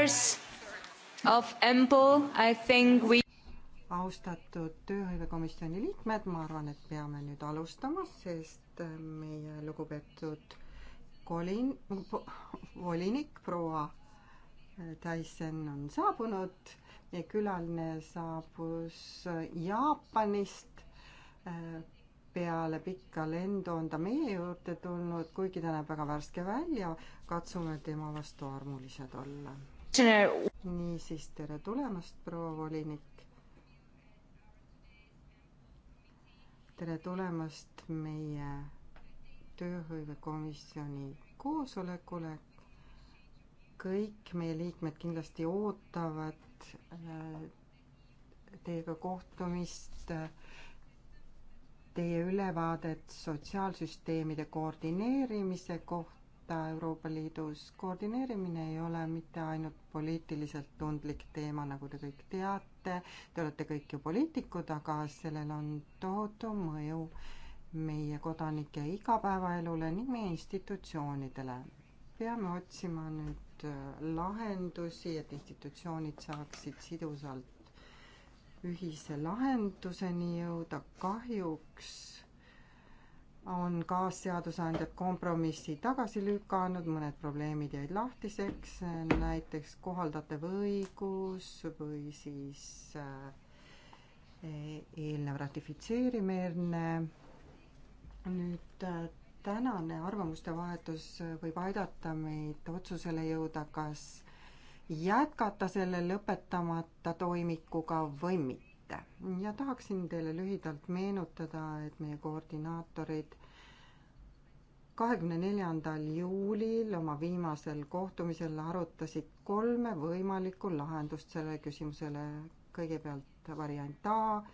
members of EMPL, I think we austatud tööhõivekomisjoni liikmed, ma arvan, et peame nüüd alustama, sest meie lugupeetud kolin-, volinik proua Tyson on saabunud. meie külaline saabus Jaapanist. peale pikka lendu on ta meie juurde tulnud, kuigi ta näeb väga värske välja. katsume tema vastu armulised olla niisiis, tere tulemast, proua volinik. tere tulemast meie tööhõivekomisjoni koosolekule. kõik meie liikmed kindlasti ootavad äh, teiega kohtumist, äh, teie ülevaadet sotsiaalsüsteemide koordineerimise kohta võtta Euroopa Liidus. koordineerimine ei ole mitte ainult poliitiliselt tundlik teema, nagu te kõik teate, te olete kõik ju poliitikud, aga sellel on tohutu mõju meie kodanike igapäevaelule ning meie institutsioonidele. peame otsima nüüd äh, lahendusi, et institutsioonid saaksid sidusalt ühise lahenduseni jõuda. kahjuks on kaasseadusandjad kompromissi tagasi lükanud, mõned probleemid jäid lahtiseks, näiteks kohaldatav õigus või siis äh, eelnev ratifitseerimine. nüüd äh, tänane arvamuste vahetus võib aidata meid otsusele jõuda, kas jätkata selle lõpetamata toimikuga või mitte ja tahaksin teile lühidalt meenutada, et meie koordinaatorid kahekümne neljandal juulil oma viimasel kohtumisel arutasid kolme võimalikku lahendust sellele küsimusele. kõigepealt variant A,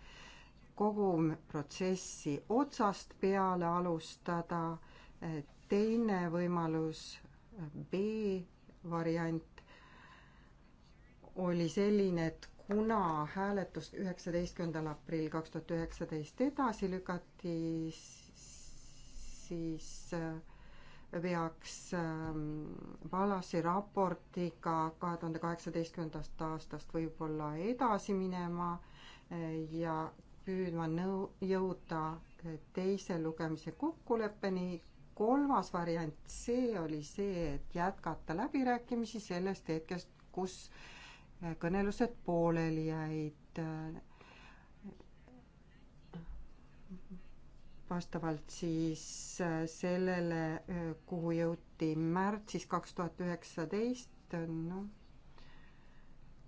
kogu protsessi otsast peale alustada, teine võimalus, B variant oli selline, et kuna hääletust üheksateistkümnendal aprill kaks tuhat üheksateist edasi lükati, siis peaks äh, ähm, Palasi raportiga kahe tuhande kaheksateistkümnendast aastast võib-olla edasi minema äh, ja püüdma nõu-, jõuda äh, teise lugemise kokkuleppeni. kolmas variant, see oli see, et jätkata läbirääkimisi sellest hetkest, kus kõnelused pooleli jäid vastavalt siis äh, sellele, äh, kuhu jõuti märtsis kaks tuhat üheksateist, äh, noh,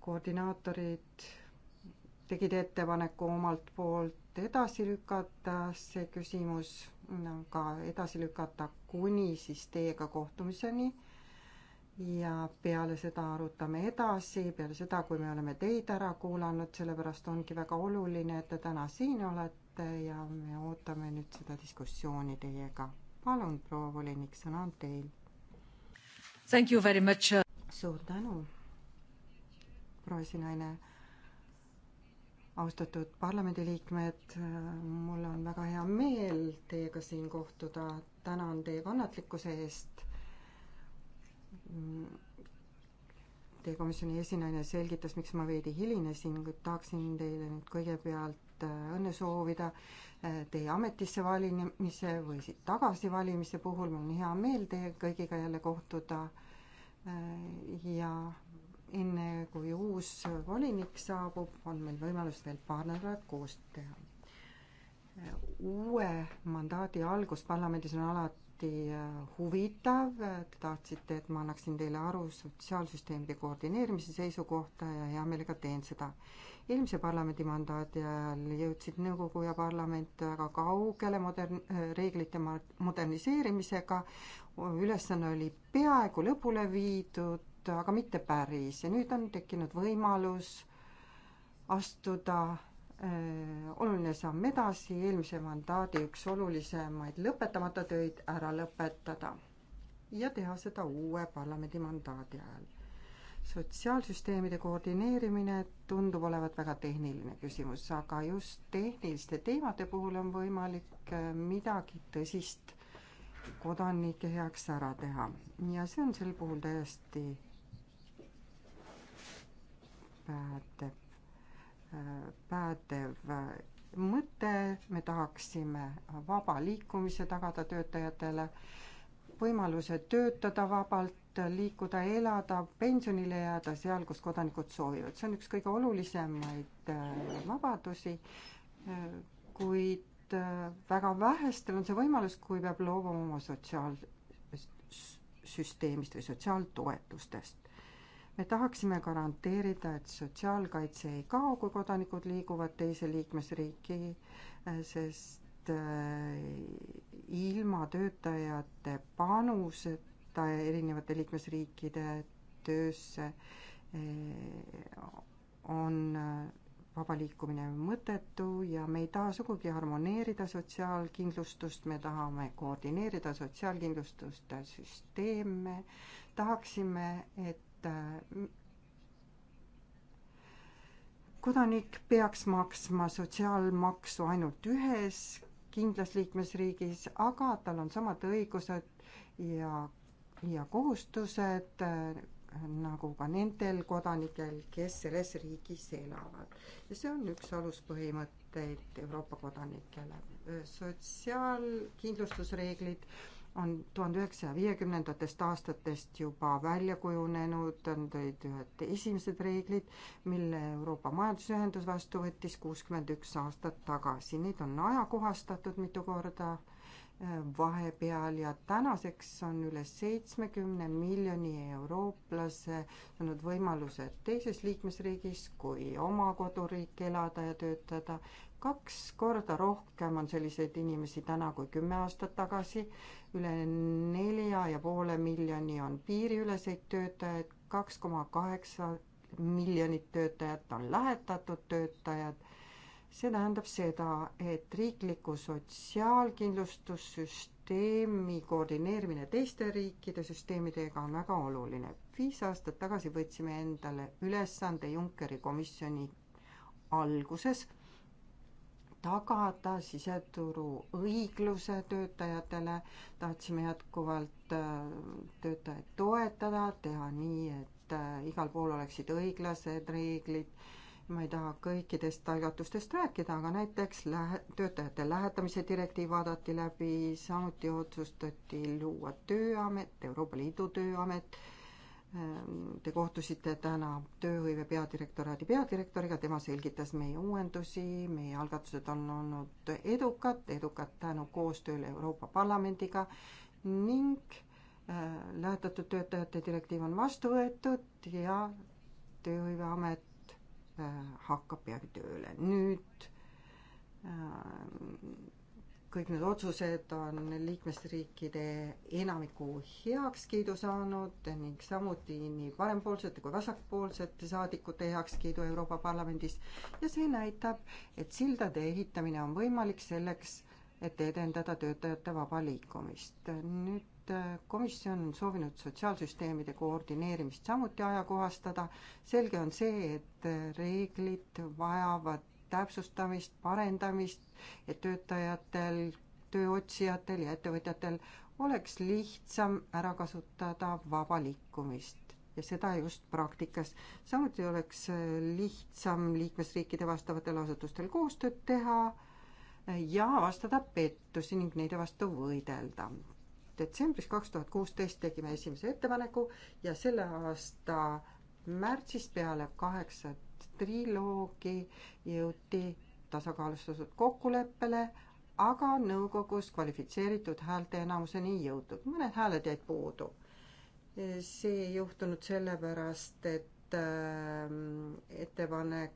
koordinaatorid tegid ettepaneku omalt poolt edasi lükata see küsimus, aga edasi lükata kuni siis teiega kohtumiseni ja peale seda arutame edasi, peale seda, kui me oleme teid ära kuulanud, sellepärast ongi väga oluline, et te täna siin olete saate ja me ootame nüüd seda diskussiooni teiega. palun, proua volinik, sõna on teil. Thank you very much. Uh, suur tänu, proua esinaine. austatud parlamendiliikmed, mul on väga hea meel teiega siin kohtuda. tänan teie kannatlikkuse eest teie komisjoni esinaine selgitas, miks ma veidi hilinesin, kuid tahaksin teile nüüd kõigepealt Äh, õnne soovida äh, teie ametisse valimise või siit tagasivalimise puhul. mul on hea meel teie kõigiga jälle kohtuda. Äh, ja enne, kui uus volinik saabub, on meil võimalus veel paar nädalat koostööd teha. uue mandaadi algus parlamendis on alati alati huvitav, te tahtsite, et ma annaksin teile aru sotsiaalsüsteemide koordineerimise seisukohta ja hea meelega teen seda eelmise parlamendi mandaadi ajal jõudsid nõukogu ja parlament väga kaugele modern-, reeglite moderniseerimisega, ülesanne oli peaaegu lõpule viidud, aga mitte päris ja nüüd on tekkinud võimalus astuda äh, oluline samm edasi, eelmise mandaadi üks olulisemaid lõpetamata töid ära lõpetada ja teha seda uue parlamendi mandaadi ajal sotsiaalsüsteemide koordineerimine tundub olevat väga tehniline küsimus, aga just tehniliste teemade puhul on võimalik äh, midagi tõsist kodanike heaks ära teha ja see on sel puhul täiesti päädev, äh, päädev äh, mõte, me tahaksime vaba liikumise tagada töötajatele võimaluse töötada vabalt, liikuda, elada, pensionile jääda seal, kus kodanikud soovivad. see on üks kõige olulisemaid äh, vabadusi, äh, kuid äh, väga vähestel on see võimalus, kui peab loobuma oma sotsiaalsüsteemist või sotsiaaltoetustest. me tahaksime garanteerida, et sotsiaalkaitse ei kao, kui kodanikud liiguvad teise liikmesriiki, sest Äh, ilma töötajate panuseta erinevate liikmesriikide töösse äh, on äh, vaba liikumine mõttetu ja me ei taha sugugi harmoneerida sotsiaalkindlustust, me tahame koordineerida sotsiaalkindlustuste süsteeme, tahaksime, et kodanik peaks maksma sotsiaalmaksu ainult ühes kindlas liikmesriigis, aga tal on samad õigused ja, ja kohustused äh, nagu ka nendel kodanikel, kes selles riigis elavad. ja see on üks aluspõhimõtteid Euroopa kodanikele. sotsiaalkindlustusreeglid on tuhande üheksasaja viiekümnendatest aastatest juba välja kujunenud, need olid ühed esimesed reeglid, mille Euroopa Majandusühendus vastu võttis kuuskümmend üks aastat tagasi. Neid on ajakohastatud mitu korda äh, vahepeal ja tänaseks on üle seitsmekümne miljoni eurooplase saanud võimaluse teises liikmesriigis kui oma koduriik elada ja töötada kaks korda rohkem on selliseid inimesi täna kui kümme aastat tagasi. üle nelja ja poole miljoni on piiriüleseid töötajaid, kaks koma kaheksa miljonit töötajat on lähetatud töötajad see tähendab seda, et riikliku sotsiaalkindlustussüsteemi koordineerimine teiste riikide süsteemidega on väga oluline. viis aastat tagasi võtsime endale ülesande Junckeri komisjoni alguses tagada siseturu õigluse töötajatele, tahtsime jätkuvalt äh, töötajaid toetada, teha nii, et äh, igal pool oleksid õiglased reeglid, ma ei taha kõikidest algatustest rääkida, aga näiteks lähe-, töötajate lähetamise direktiiv vaadati läbi, samuti otsustati luua Tööamet, Euroopa Liidu Tööamet, Ehm, te kohtusite täna tööhõive peadirektoraadi peadirektoriga, tema selgitas meie uuendusi, meie algatused on olnud edukad, edukad tänu koostööle Euroopa Parlamendiga ning ehm, lähetatud töötajate direktiiv on vastu võetud ja Tööhõiveamet ehm, hakkab peagi tööle. nüüd kõik need otsused on liikmesriikide enamiku heakskiidu saanud ning samuti nii parempoolsete kui vasakpoolsete saadikute heakskiidu Euroopa Parlamendis ja see näitab, et sildade ehitamine on võimalik selleks, et edendada töötajate vaba liikumist. nüüd äh, komisjon on soovinud sotsiaalsüsteemide koordineerimist samuti ajakohastada, selge on see, et äh, reeglid vajavad täpsustamist, parendamist, et töötajatel, tööotsijatel ja ettevõtjatel oleks lihtsam ära kasutada vaba liikumist ja seda just praktikas. samuti oleks lihtsam liikmesriikide vastavatel asutustel koostööd teha ja avastada pettusi ning neide vastu võidelda. detsembris kaks tuhat kuusteist tegime esimese ettepaneku ja selle aasta märtsist peale kaheksa triloogi jõuti tasakaalustatud kokkuleppele, aga nõukogus kvalifitseeritud häälteenamuseni ei jõutud, mõned hääled jäid puudu. see ei juhtunud sellepärast, et ähm, ettepanek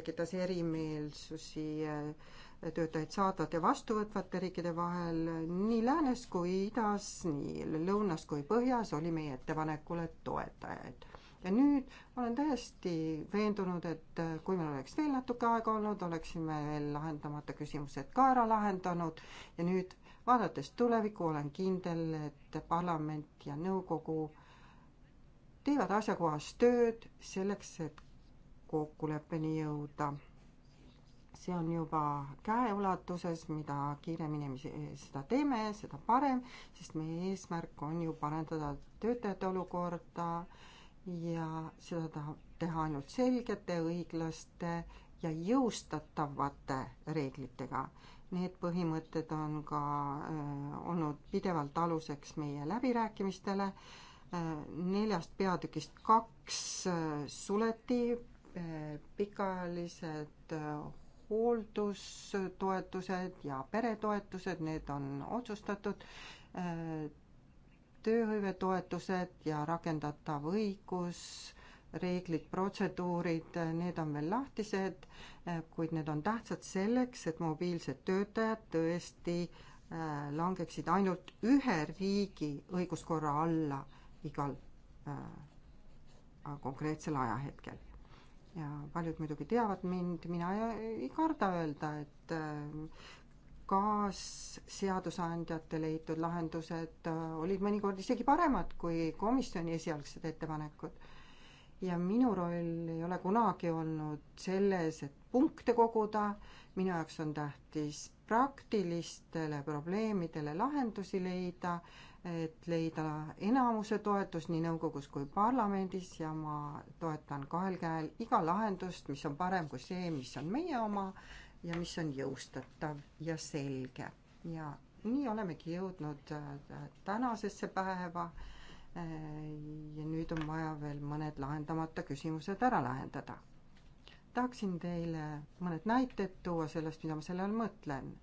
tekitas erimeelsusi äh, töötajaid saadvate ja vastuvõtvate riikide vahel nii läänes kui idas, nii lõunas kui põhjas oli meie ettepanekule toetajaid ja nüüd olen täiesti veendunud, et äh, kui meil oleks veel natuke aega olnud, oleksime veel lahendamata küsimused ka ära lahendanud ja nüüd vaadates tulevikku olen kindel, et parlament ja nõukogu teevad asjakohast tööd selleks, et kokkuleppeni jõuda. see on juba käeulatuses, mida kiiremini me seda teeme, seda parem, sest meie eesmärk on ju parandada töötajate olukorda ja seda tahab teha ainult selgete, õiglaste ja jõustatavate reeglitega. Need põhimõtted on ka äh, olnud pidevalt aluseks meie läbirääkimistele äh,. neljast peatükist kaks äh, suleti äh, pikaajalised äh, hooldustoetused ja peretoetused, need on otsustatud äh, tööhõivetoetused ja rakendatav õigus, reeglid, protseduurid, need on veel lahtised, kuid need on tähtsad selleks, et mobiilsed töötajad tõesti äh, langeksid ainult ühe riigi õiguskorra alla igal äh, konkreetsel ajahetkel. ja paljud muidugi teavad mind, mina ei, ei karda öelda, et äh, kaasseadusandjate leitud lahendused äh, olid mõnikord isegi paremad kui komisjoni esialgsed ettepanekud. ja minu roll ei ole kunagi olnud selles, et punkte koguda, minu jaoks on tähtis praktilistele probleemidele lahendusi leida, et leida enamuse toetus nii nõukogus kui parlamendis ja ma toetan kahel käel iga lahendust, mis on parem kui see, mis on meie oma ja mis on jõustatav ja selge ja nii olemegi jõudnud äh, tänasesse päeva. Äh, ja nüüd on vaja veel mõned lahendamata küsimused ära lahendada. tahaksin teile mõned näited tuua sellest, mida ma selle all mõtlen.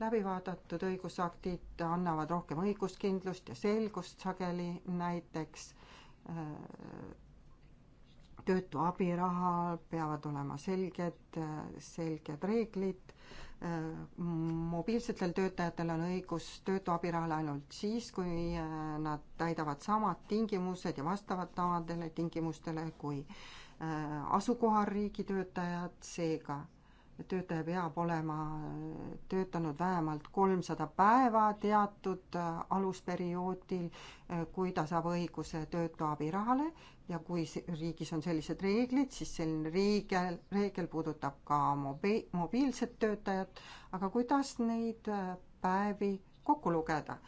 läbivaadatud õigusaktid annavad rohkem õiguskindlust ja selgust sageli näiteks äh, töötu abirahal peavad olema selged, selged reeglid, mobiilsetel töötajatel on õigus töötu abirahale ainult siis, kui äh, nad täidavad samad tingimused ja vastavad samadele tingimustele kui äh, asukohariigi töötajad, seega töötaja peab olema töötanud vähemalt kolmsada päeva teatud alusperioodil, kui ta saab õiguse töötu abirahale ja kui riigis on sellised reeglid, siis selline riigel, reegel puudutab ka mobi-, mobiilset töötajat, aga kuidas neid päevi kokku lugeda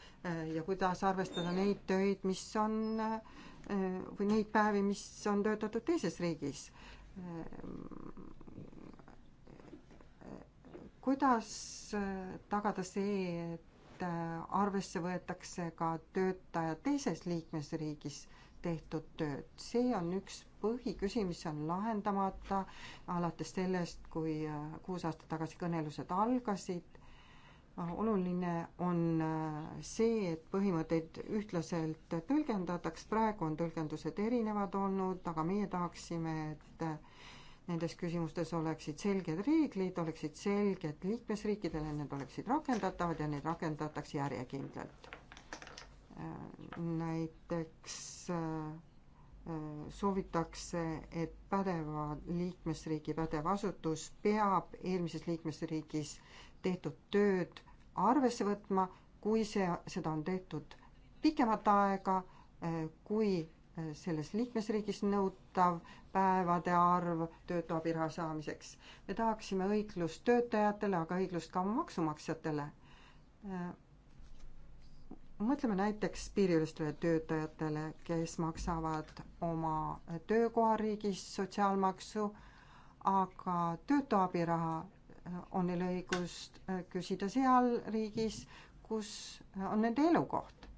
ja kuidas arvestada neid töid, mis on või neid päevi, mis on töötatud teises riigis? kuidas äh, tagada see, et äh, arvesse võetakse ka töötaja teises liikmesriigis tehtud tööd, see on üks põhiküsimus, on lahendamata alates sellest, kui äh, kuus aastat tagasi kõnelused algasid. oluline on see, et põhimõtteid ühtlaselt tõlgendataks, praegu on tõlgendused erinevad olnud, aga meie tahaksime, et nendes küsimustes oleksid selged reeglid, oleksid selged liikmesriikidele, need oleksid rakendatavad ja neid rakendatakse järjekindlalt. näiteks äh, äh, soovitakse, et pädeva liikmesriigi pädev asutus peab eelmises liikmesriigis tehtud tööd arvesse võtma, kui see, seda on tehtud pikemat aega, äh, kui selles liikmesriigis nõutav päevade arv töötu abiraha saamiseks. me tahaksime õiglust töötajatele, aga õiglust ka maksumaksjatele. Äh, mõtleme näiteks piiriülestele töötajatele, kes maksavad oma töökohariigis sotsiaalmaksu, aga töötu abiraha äh, on neil õigus äh, küsida seal riigis, kus on nende elukoht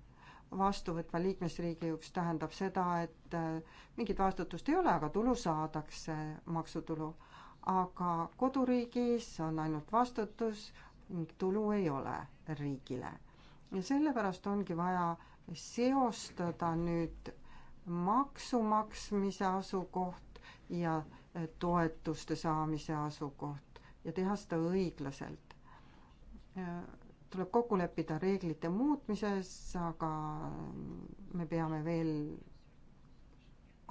vastuvõtva liikmesriigi jaoks tähendab seda, et äh, mingit vastutust ei ole, aga tulu saadakse, maksutulu. aga koduriigis on ainult vastutus ning tulu ei ole riigile. ja sellepärast ongi vaja seostada nüüd maksu maksmise asukoht ja äh, toetuste saamise asukoht ja teha seda õiglaselt äh, tuleb kokku leppida reeglite muutmises, aga me peame veel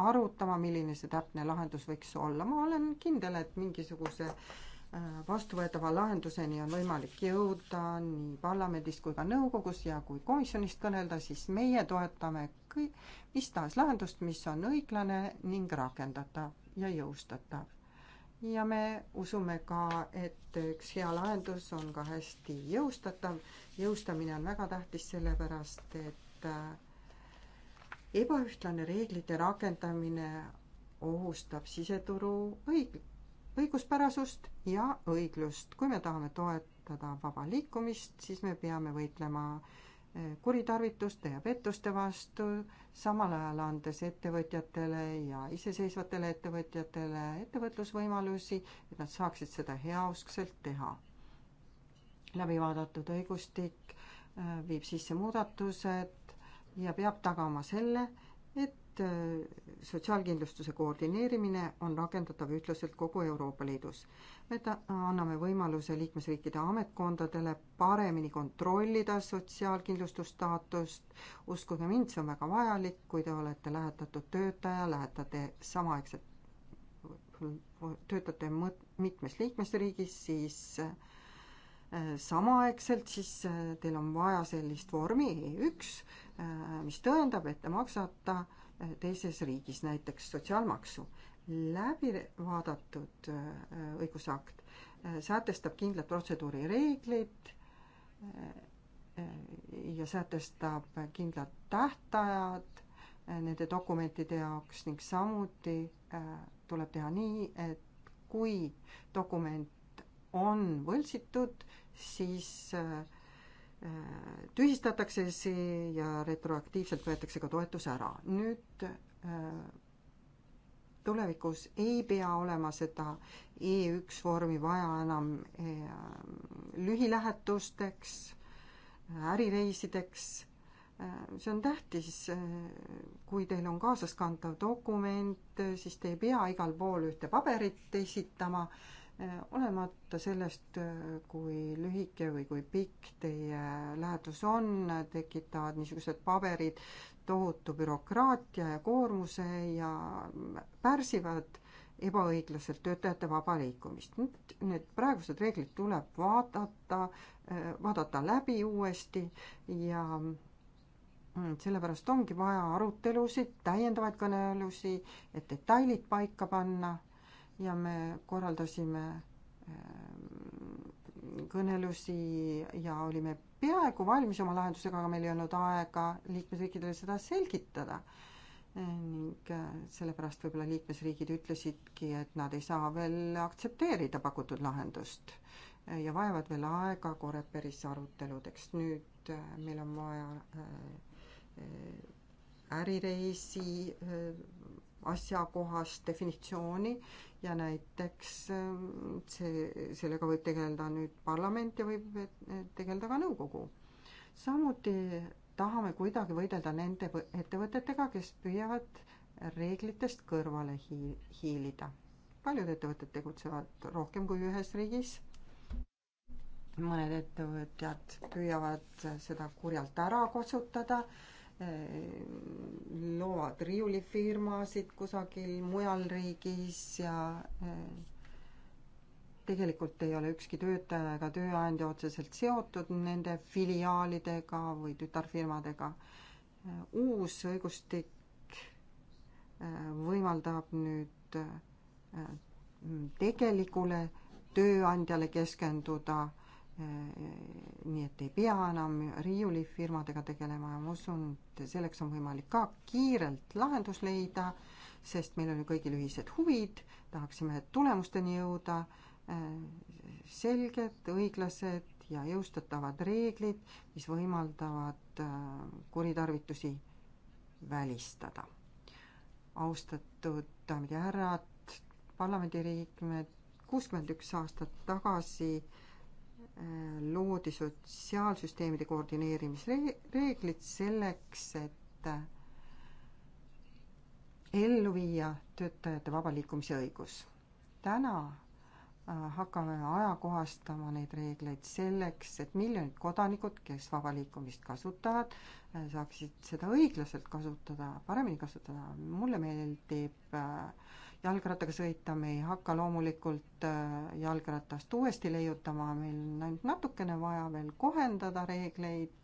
arutama, milline see täpne lahendus võiks olla. ma olen kindel, et mingisuguse äh, vastuvõetava lahenduseni on võimalik jõuda nii parlamendis kui ka nõukogus ja kui komisjonist kõnelda, siis meie toetame kõik, mis tahes lahendust, mis on õiglane ning rakendatav ja jõustatav ja me usume ka, et üks hea lahendus on ka hästi jõustatav. jõustamine on väga tähtis, sellepärast et äh, ebaühtlane reeglite rakendamine ohustab siseturu õig-, õiguspärasust ja õiglust. kui me tahame toetada vaba liikumist, siis me peame võitlema äh, kuritarvituste ja pettuste vastu, samal ajal andes ettevõtjatele ja iseseisvatele ettevõtjatele ettevõtlusvõimalusi, et nad saaksid seda heauskselt teha. läbivaadatud õigustik äh, viib sisse muudatused ja peab tagama selle, et et äh, sotsiaalkindlustuse koordineerimine on rakendatav ühtlaselt kogu Euroopa Liidus. me ta-, anname võimaluse liikmesriikide ametkondadele paremini kontrollida sotsiaalkindlustusstaatust, uskuge mind, see on väga vajalik, kui te olete lähetatud töötaja, lähetate samaaegselt, töötate mõt-, mitmes liikmesriigis, siis äh, samaaegselt, siis äh, teil on vaja sellist vormi E1, mis tõendab, et te maksate teises riigis, näiteks sotsiaalmaksu, läbi vaadatud äh, õigusakt äh, sätestab kindlad protseduurireeglid äh, ja sätestab kindlad tähtajad nende dokumentide jaoks ning samuti tuleb teha nii, et kui dokument on võltsitud, siis äh, tühistatakse see ja retroaktiivselt võetakse ka toetus ära. nüüd äh, tulevikus ei pea olema seda E1 vormi vaja enam äh, lühilähetusteks, ärireisideks. Äh, see on tähtis, kui teil on kaasaskantav dokument, siis te ei pea igal pool ühte paberit esitama Äh, olemata sellest, äh, kui lühike või kui pikk teie lähetus on, tekitavad niisugused paberid tohutu bürokraatia ja koormuse ja pärsivad ebaõiglaselt töötajate vaba liikumist. nüüd need praegused reeglid tuleb vaadata, äh, vaadata läbi uuesti ja mm, sellepärast ongi vaja arutelusid, täiendavaid kõnelusi, et detailid paika panna ja me korraldasime ehm, kõnelusi ja olime peaaegu valmis oma lahendusega, aga meil ei olnud aega liikmesriikidele seda selgitada. ning ehm, sellepärast võib-olla liikmesriigid ütlesidki, et nad ei saa veel aktsepteerida pakutud lahendust ja vajavad veel aega Koreperis aruteludeks. nüüd ehm, meil on vaja ärireisi asjakohast definitsiooni ja näiteks äh, see, sellega võib tegeleda nüüd parlament ja võib äh, tegeleda ka nõukogu. samuti tahame kuidagi võidelda nende ettevõtetega, kes püüavad reeglitest kõrvale hii-, hiilida. paljud ettevõtted tegutsevad rohkem kui ühes riigis, mõned ettevõtjad püüavad seda kurjalt ära kasutada Äh, loovad riiulifirmasid kusagil mujal riigis ja äh, tegelikult ei ole ükski töötaja ega tööandja otseselt seotud nende filiaalidega või tütarfirmadega. Äh, uus õigustik võimaldab nüüd tegelikule tööandjale keskenduda Äh, nii et ei pea enam riiulifirmadega tegelema ja ma usun, et selleks on võimalik ka kiirelt lahendus leida, sest meil on ju kõigil ühised huvid, tahaksime tulemusteni jõuda, äh, selged, õiglased ja jõustatavad reeglid, mis võimaldavad äh, kuritarvitusi välistada. austatud daamid ja härrad, parlamendiliikmed, kuuskümmend üks aastat tagasi äh, loodi sotsiaalsüsteemide koordineerimisreeglid selleks, et ellu viia töötajate vaba liikumise õigus. täna äh, hakkame ajakohastama neid reegleid selleks, et miljonid kodanikud, kes vaba liikumist kasutavad, äh, saaksid seda õiglaselt kasutada, paremini kasutada. mulle meeldib äh, jalgrattaga sõita, me ei hakka loomulikult äh, jalgratast uuesti leiutama, meil on ainult natukene vaja veel kohendada reegleid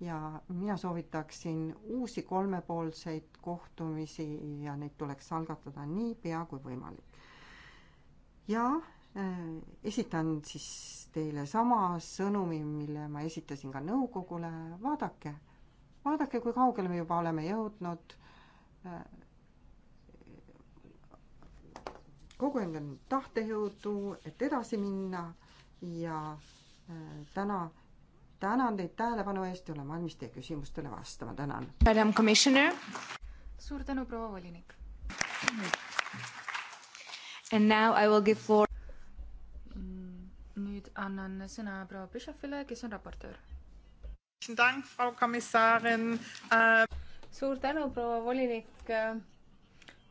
ja mina soovitaksin uusi kolmepoolseid kohtumisi ja neid tuleks algatada niipea kui võimalik. ja äh, esitan siis teile sama sõnumi, mille ma esitasin ka nõukogule, vaadake, vaadake, kui kaugele me juba oleme jõudnud äh, kogu aeg on tahtejõudu, et edasi minna ja äh, täna tänan teid tähelepanu eest ja olen valmis teie küsimustele vastama, tänan. Madam Commissioner. suur tänu, proua volinik. And now I will give floor. Mm, nüüd annan sõna proua Bischofile, kes on raportöör. Äh, suur tänu, proua volinik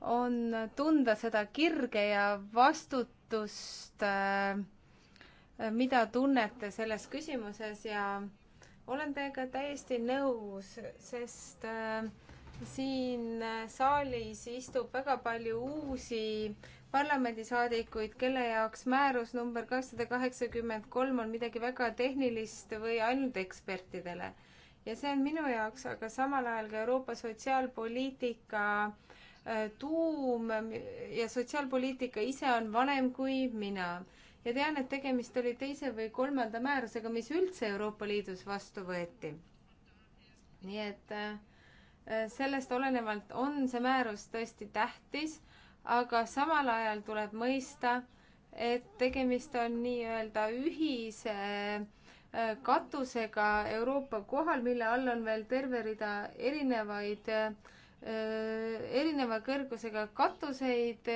on tunda seda kirge ja vastutust, äh, mida tunnete selles küsimuses ja olen teiega täiesti nõus, sest äh, siin saalis istub väga palju uusi parlamendisaadikuid, kelle jaoks määrus number kakssada kaheksakümmend kolm on midagi väga tehnilist või ainult ekspertidele. ja see on minu jaoks aga samal ajal ka Euroopa sotsiaalpoliitika äh, Äh, tuum ja sotsiaalpoliitika ise on vanem kui mina ja tean, et tegemist oli teise või kolmanda määrusega, mis üldse Euroopa Liidus vastu võeti. nii et äh, sellest olenevalt on see määrus tõesti tähtis, aga samal ajal tuleb mõista, et tegemist on nii-öelda ühise äh, katusega Euroopa kohal, mille all on veel terve rida erinevaid äh, Äh, erineva kõrgusega katuseid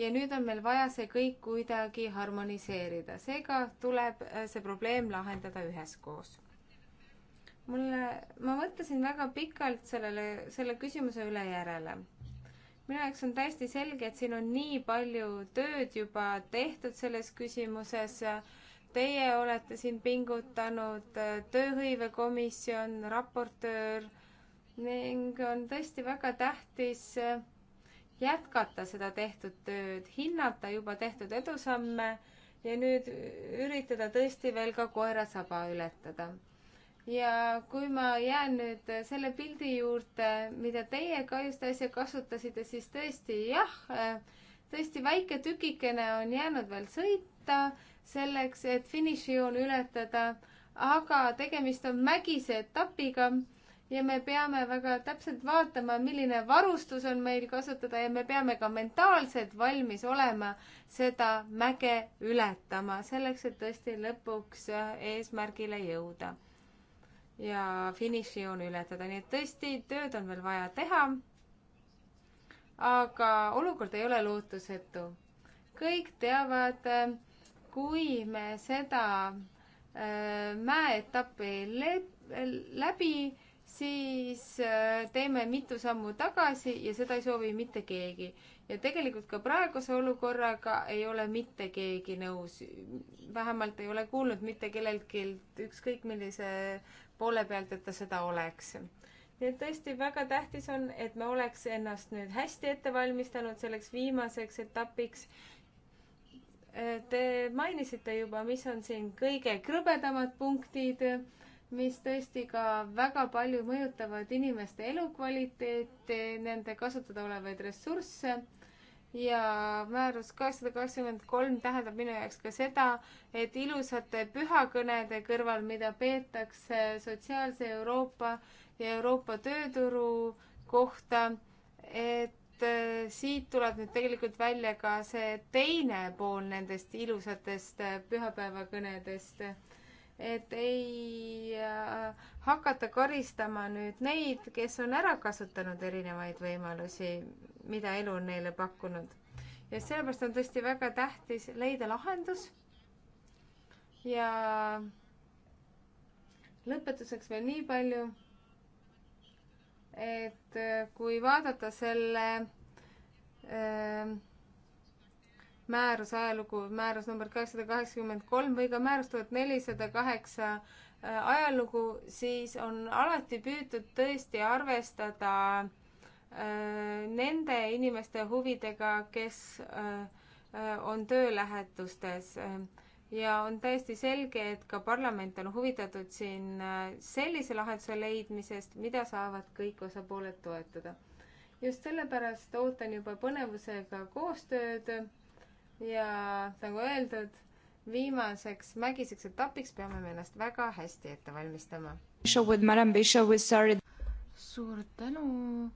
ja nüüd on meil vaja see kõik kuidagi harmoniseerida. seega tuleb äh, see probleem lahendada üheskoos. mulle, ma mõtlesin väga pikalt sellele, selle küsimuse üle järele. minu jaoks on täiesti selge, et siin on nii palju tööd juba tehtud selles küsimuses. Teie olete siin pingutanud, äh, tööhõivekomisjon, raportöör ning on tõesti väga tähtis äh, jätkata seda tehtud tööd, hinnata juba tehtud edusamme ja nüüd üritada tõesti veel ka koera saba ületada. ja kui ma jään nüüd äh, selle pildi juurde, mida teie ka just äsja kasutasite, siis tõesti jah, äh, tõesti väike tükikene on jäänud veel sõita selleks, et finišijoon ületada, aga tegemist on mägise etapiga ja me peame väga täpselt vaatama, milline varustus on meil kasutada ja me peame ka mentaalselt valmis olema seda mäge ületama, selleks et tõesti lõpuks äh, eesmärgile jõuda ja finišijoon ületada, nii et tõesti, tööd on veel vaja teha. aga olukord ei ole lootusetu. kõik teavad, äh, kui me seda äh, mäeetappi läbi siis äh, teeme mitu sammu tagasi ja seda ei soovi mitte keegi. ja tegelikult ka praeguse olukorraga ei ole mitte keegi nõus. vähemalt ei ole kuulnud mitte kelleltki ükskõik millise poole pealt, et ta seda oleks. nii et tõesti väga tähtis on, et me oleks ennast nüüd hästi ette valmistanud selleks viimaseks etapiks. Äh, te mainisite juba, mis on siin kõige krõbedamad punktid mis tõesti ka väga palju mõjutavad inimeste elukvaliteeti, nende kasutada olevaid ressursse ja määrus kakssada kakskümmend kolm tähendab minu jaoks ka seda, et ilusate pühakõnede kõrval, mida peetakse sotsiaalse Euroopa ja Euroopa tööturu kohta, et äh, siit tuleb nüüd tegelikult välja ka see teine pool nendest ilusatest äh, pühapäevakõnedest et ei äh, hakata karistama nüüd neid, kes on ära kasutanud erinevaid võimalusi, mida elu on neile pakkunud. ja sellepärast on tõesti väga tähtis leida lahendus ja lõpetuseks veel nii palju, et äh, kui vaadata selle äh, määruse ajalugu, määrus number kakssada kaheksakümmend kolm või ka määrus tuhat nelisada kaheksa äh, ajalugu, siis on alati püütud tõesti arvestada äh, nende inimeste huvidega, kes äh, on töölähetustes ja on täiesti selge, et ka parlament on huvitatud siin sellise lahenduse leidmisest, mida saavad kõik osapooled toetada. just sellepärast ootan juba põnevusega koostööd ja nagu öeldud, viimaseks mägiseks etapiks peame me ennast väga hästi ette valmistama. suur tänu.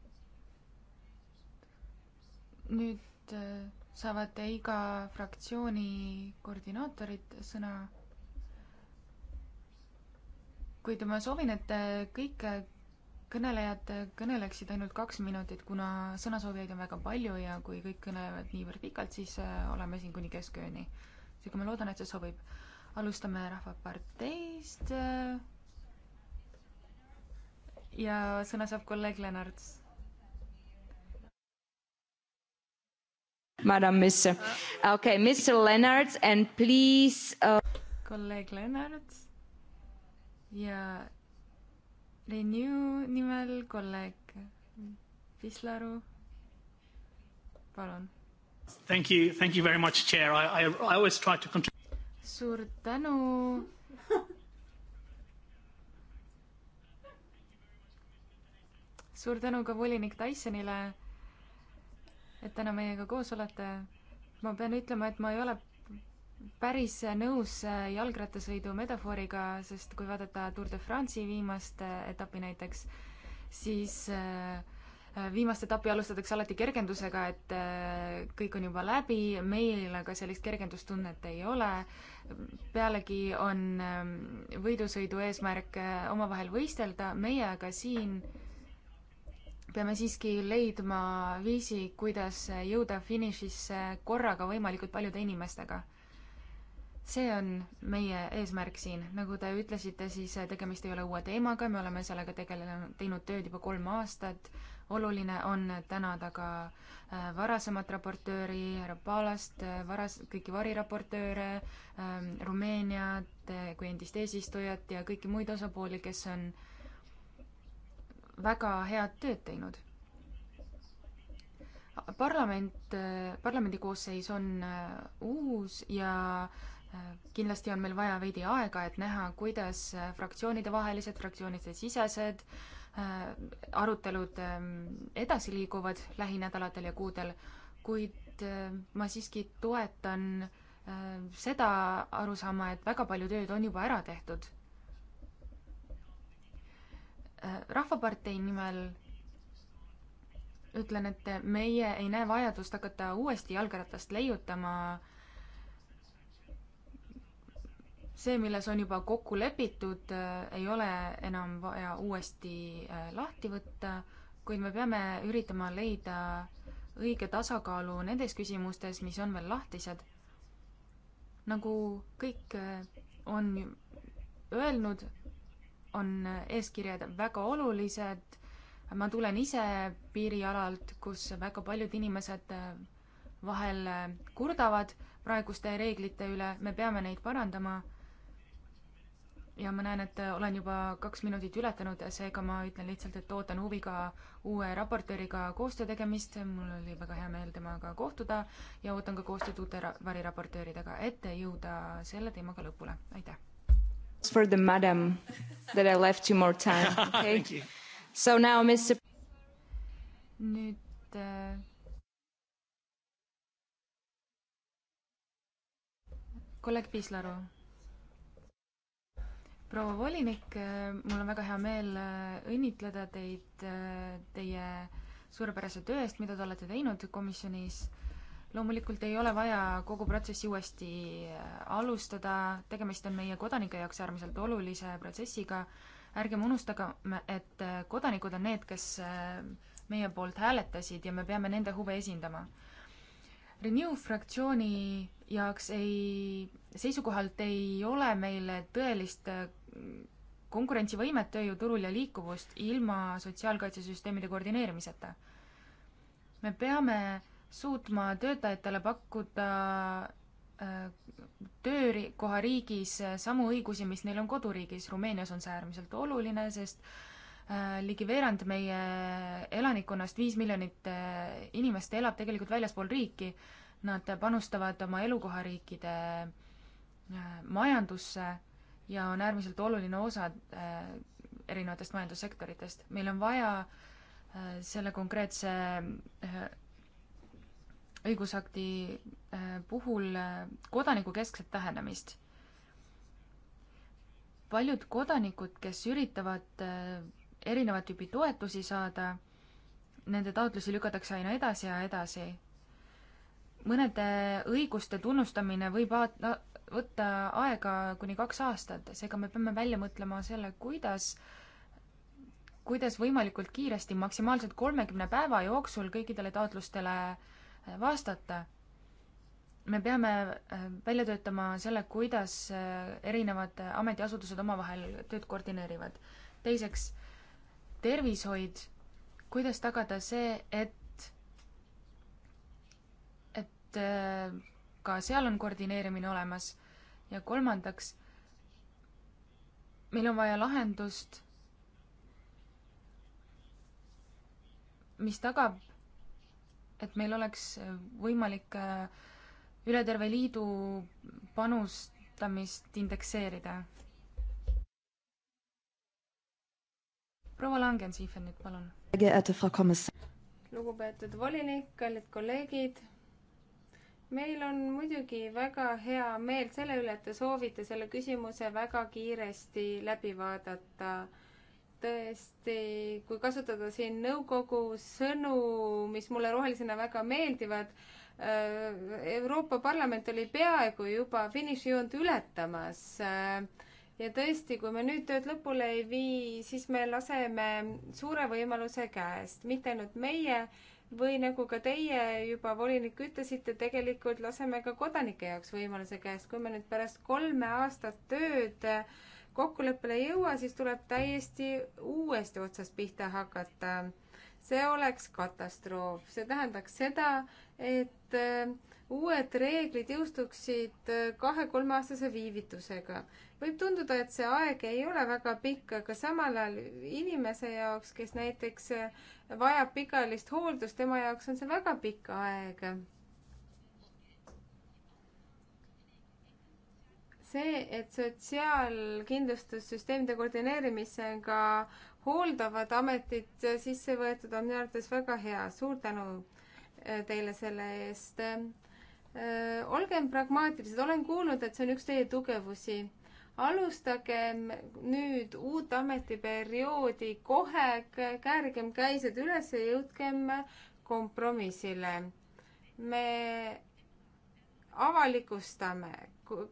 nüüd äh, saavad iga fraktsiooni koordinaatorid sõna kuid ma soovin, et kõik kõnelejad kõneleksid ainult kaks minutit, kuna sõnasoovijaid on väga palju ja kui kõik kõnelevad niivõrd pikalt, siis äh, oleme siin kuni keskööni. seega ma loodan, et see sobib. alustame Rahvaparteist. Äh, ja sõna saab kolleeg Lennarts. Madam Mister, okei okay,, Mister Lennarts and please uh.... kolleeg Lennarts ja Renew nimel kolleeg Pislaru, palun. Thank you, thank you very much, chair, I, I, I always try to cont-. suur tänu suur tänu ka volinik Tysonile, et täna meiega koos olete. ma pean ütlema, et ma ei ole päris nõus jalgrattasõidu metafooriga, sest kui vaadata Tour de France'i viimast äh, etappi näiteks, siis äh, viimast etappi alustatakse alati kergendusega, et äh, kõik on juba läbi, meil aga sellist kergendustunnet ei ole. pealegi on ähm, võidusõidu eesmärk omavahel võistelda, meie aga siin peame siiski leidma viisi, kuidas jõuda finišisse korraga võimalikult paljude inimestega see on meie eesmärk siin. nagu te ütlesite, siis tegemist ei ole uue teemaga, me oleme sellega tegelenud, teinud tööd juba kolm aastat. oluline on tänada ka äh, varasemat raportööri härra Palast, äh, varas, kõiki variraportööre, ähm, Rumeeniat äh, kui endist eesistujat ja kõiki muid osapooli, kes on väga head tööd teinud parlament, parlamendi koosseis on uus ja kindlasti on meil vaja veidi aega, et näha, kuidas fraktsioonidevahelised, fraktsioonide sisesed äh, arutelud ähm, edasi liiguvad lähinädalatel ja kuudel, kuid äh, ma siiski toetan äh, seda arusaama, et väga palju tööd on juba ära tehtud. rahvapartei nimel ütlen, et meie ei näe vajadust hakata uuesti jalgratast leiutama äh, see, milles on juba kokku lepitud, äh, ei ole enam vaja uuesti äh, lahti võtta, kuid me peame üritama leida õige tasakaalu nendes küsimustes, mis on veel lahtised. nagu kõik äh, on öelnud, on eeskirjad väga olulised. ma tulen ise piirialalt, kus väga paljud inimesed vahel kurdavad praeguste reeglite üle, me peame neid parandama ja ma näen, et olen juba kaks minutit ületanud, seega ma ütlen lihtsalt, et ootan huviga uue raportööriga koostöö tegemist, mul oli väga hea meel temaga kohtuda ja ootan ka koostööd uute variraportööridega, et jõuda selle teemaga lõpule, aitäh! For the madam that I left you more time, okay? So now Mr. nüüd äh, kolleeg Piislaru proua volinik, mul on väga hea meel äh, õnnitleda teid äh, teie suurepärase töö eest, mida te olete teinud komisjonis. loomulikult ei ole vaja kogu protsessi uuesti äh, alustada, tegemist on meie kodanike jaoks äärmiselt olulise protsessiga. ärgem unustagem, et kodanikud on need, kes meie poolt hääletasid ja me peame nende huve esindama. Renew fraktsiooni jaoks ei, seisukohalt ei ole meil tõelist konkurentsivõimet tööjõuturul ja liikuvust ilma sotsiaalkaitsesüsteemide koordineerimiseta. me peame suutma töötajatele pakkuda äh, töökoha riigis äh, samu õigusi, mis neil on koduriigis. Rumeenias on see äärmiselt oluline, sest äh, ligi veerand meie elanikkonnast, viis miljonit inimest elab tegelikult väljaspool riiki. Nad panustavad oma elukohariikide majandusse ja on äärmiselt oluline osa äh, erinevatest majandussektoritest. meil on vaja äh, selle konkreetse äh, õigusakti puhul kodanikukeskset lähenemist. paljud kodanikud, kes üritavad erinevat tüüpi toetusi saada, nende taotlusi lükatakse aina edasi ja edasi. mõnede õiguste tunnustamine võib võtta aega kuni kaks aastat, seega me peame välja mõtlema selle, kuidas kuidas võimalikult kiiresti, maksimaalselt kolmekümne päeva jooksul kõikidele taotlustele äh, vastata. me peame äh, välja töötama selle, kuidas äh, erinevad ametiasutused omavahel tööd koordineerivad. teiseks, tervishoid, kuidas tagada see, et, et ka seal on koordineerimine olemas ja kolmandaks, meil on vaja lahendust, mis tagab, et meil oleks võimalik äh, üle terve liidu panustamist indekseerida. proua Langen-Siefen nüüd, palun. lugupeetud volinik, kallid kolleegid meil on muidugi väga hea meel selle üle, et te soovite selle küsimuse väga kiiresti läbi vaadata. tõesti, kui kasutada siin nõukogu sõnu, mis mulle rohelisena väga meeldivad, äh, Euroopa Parlament oli peaaegu juba finišijoont ületamas. Äh, ja tõesti, kui me nüüd tööd lõpule ei vii, siis me laseme suure võimaluse käest, mitte ainult meie, või nagu ka teie juba volinik ütlesite, tegelikult laseme ka kodanike jaoks võimaluse käest, kui me nüüd pärast kolme aastat tööd kokkuleppele ei jõua, siis tuleb täiesti uuesti otsast pihta hakata. see oleks katastroof, see tähendaks seda, et äh, uued reeglid jõustuksid äh, kahe-kolmeaastase viivitusega. võib tunduda, et see aeg ei ole väga pikk, aga samal ajal inimese jaoks, kes näiteks äh, vajab pikaajalist hooldust, tema jaoks on see väga pikk aeg. see, et sotsiaalkindlustussüsteemide koordineerimisega hooldavad ametid sisse võetud, on minu arvates väga hea. suur tänu äh, teile selle eest olgem pragmaatilised, olen kuulnud, et see on üks teie tugevusi. alustagem nüüd uut ametiperioodi kohe, käärgem käised üles ja jõudkem kompromissile. me avalikustame